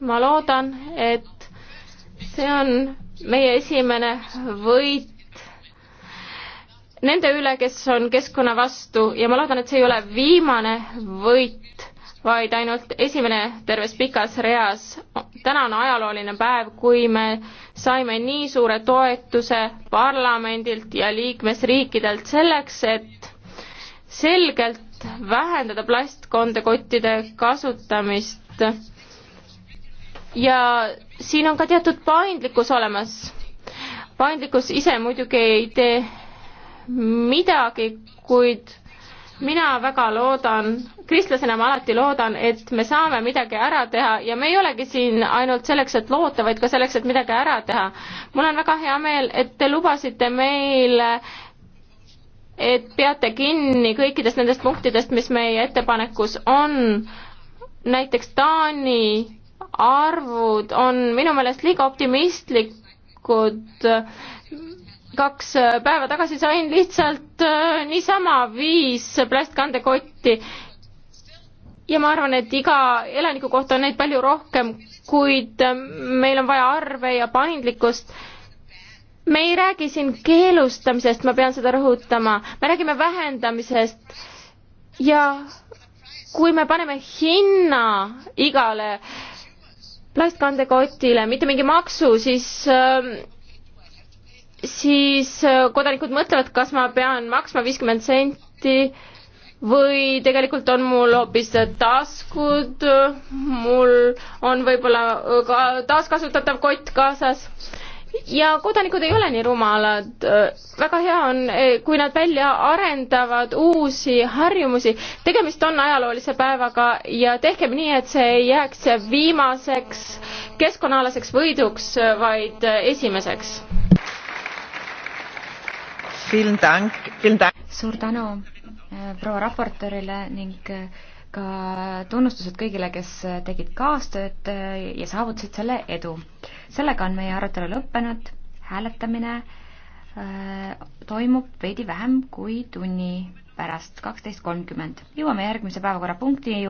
ma loodan, et see on meie esimene võit nende üle, kes on keskkonna vastu ja ma loodan, et see ei ole viimane võit, vaid ainult esimene terves pikas reas. täna on ajalooline päev, kui me saime nii suure toetuse parlamendilt ja liikmesriikidelt selleks, et selgelt vähendada plastkondekottide kasutamist ja siin on ka teatud paindlikkus olemas. paindlikkus ise muidugi ei tee midagi, kuid mina väga loodan, kristlasena ma alati loodan, et me saame midagi ära teha ja me ei olegi siin ainult selleks, et loota, vaid ka selleks, et midagi ära teha. mul on väga hea meel, et te lubasite meile et peate kinni kõikidest nendest punktidest, mis meie ettepanekus on, näiteks Taani arvud on minu meelest liiga optimistlikud. kaks päeva tagasi sain lihtsalt äh, niisama viis plastkandekotti ja ma arvan, et iga elaniku kohta on neid palju rohkem, kuid äh, meil on vaja arve ja paindlikkust me ei räägi siin keelustamisest, ma pean seda rõhutama, me räägime vähendamisest ja kui me paneme hinna igale äh, plastkandekotile, mitte mingi maksu, siis ähm, siis äh, kodanikud mõtlevad, kas ma pean maksma viiskümmend senti või tegelikult on mul hoopis taskud, mul on võib-olla ka taaskasutatav kott kaasas ja kodanikud ei ole nii rumalad, äh, väga hea on, äh, kui nad välja arendavad uusi harjumusi. tegemist on ajaloolise päevaga ja tehkem nii, et see ei jääks viimaseks keskkonnaalaseks võiduks, vaid äh, esimeseks. suur tänu proua raportöörile ning ka tunnustused kõigile, kes tegid kaastööd äh, ja saavutasid selle edu. sellega on meie arutelu lõppenud, hääletamine äh, toimub veidi vähem kui tunni pärast, kaksteist kolmkümmend. jõuame järgmise päevakorrapunkti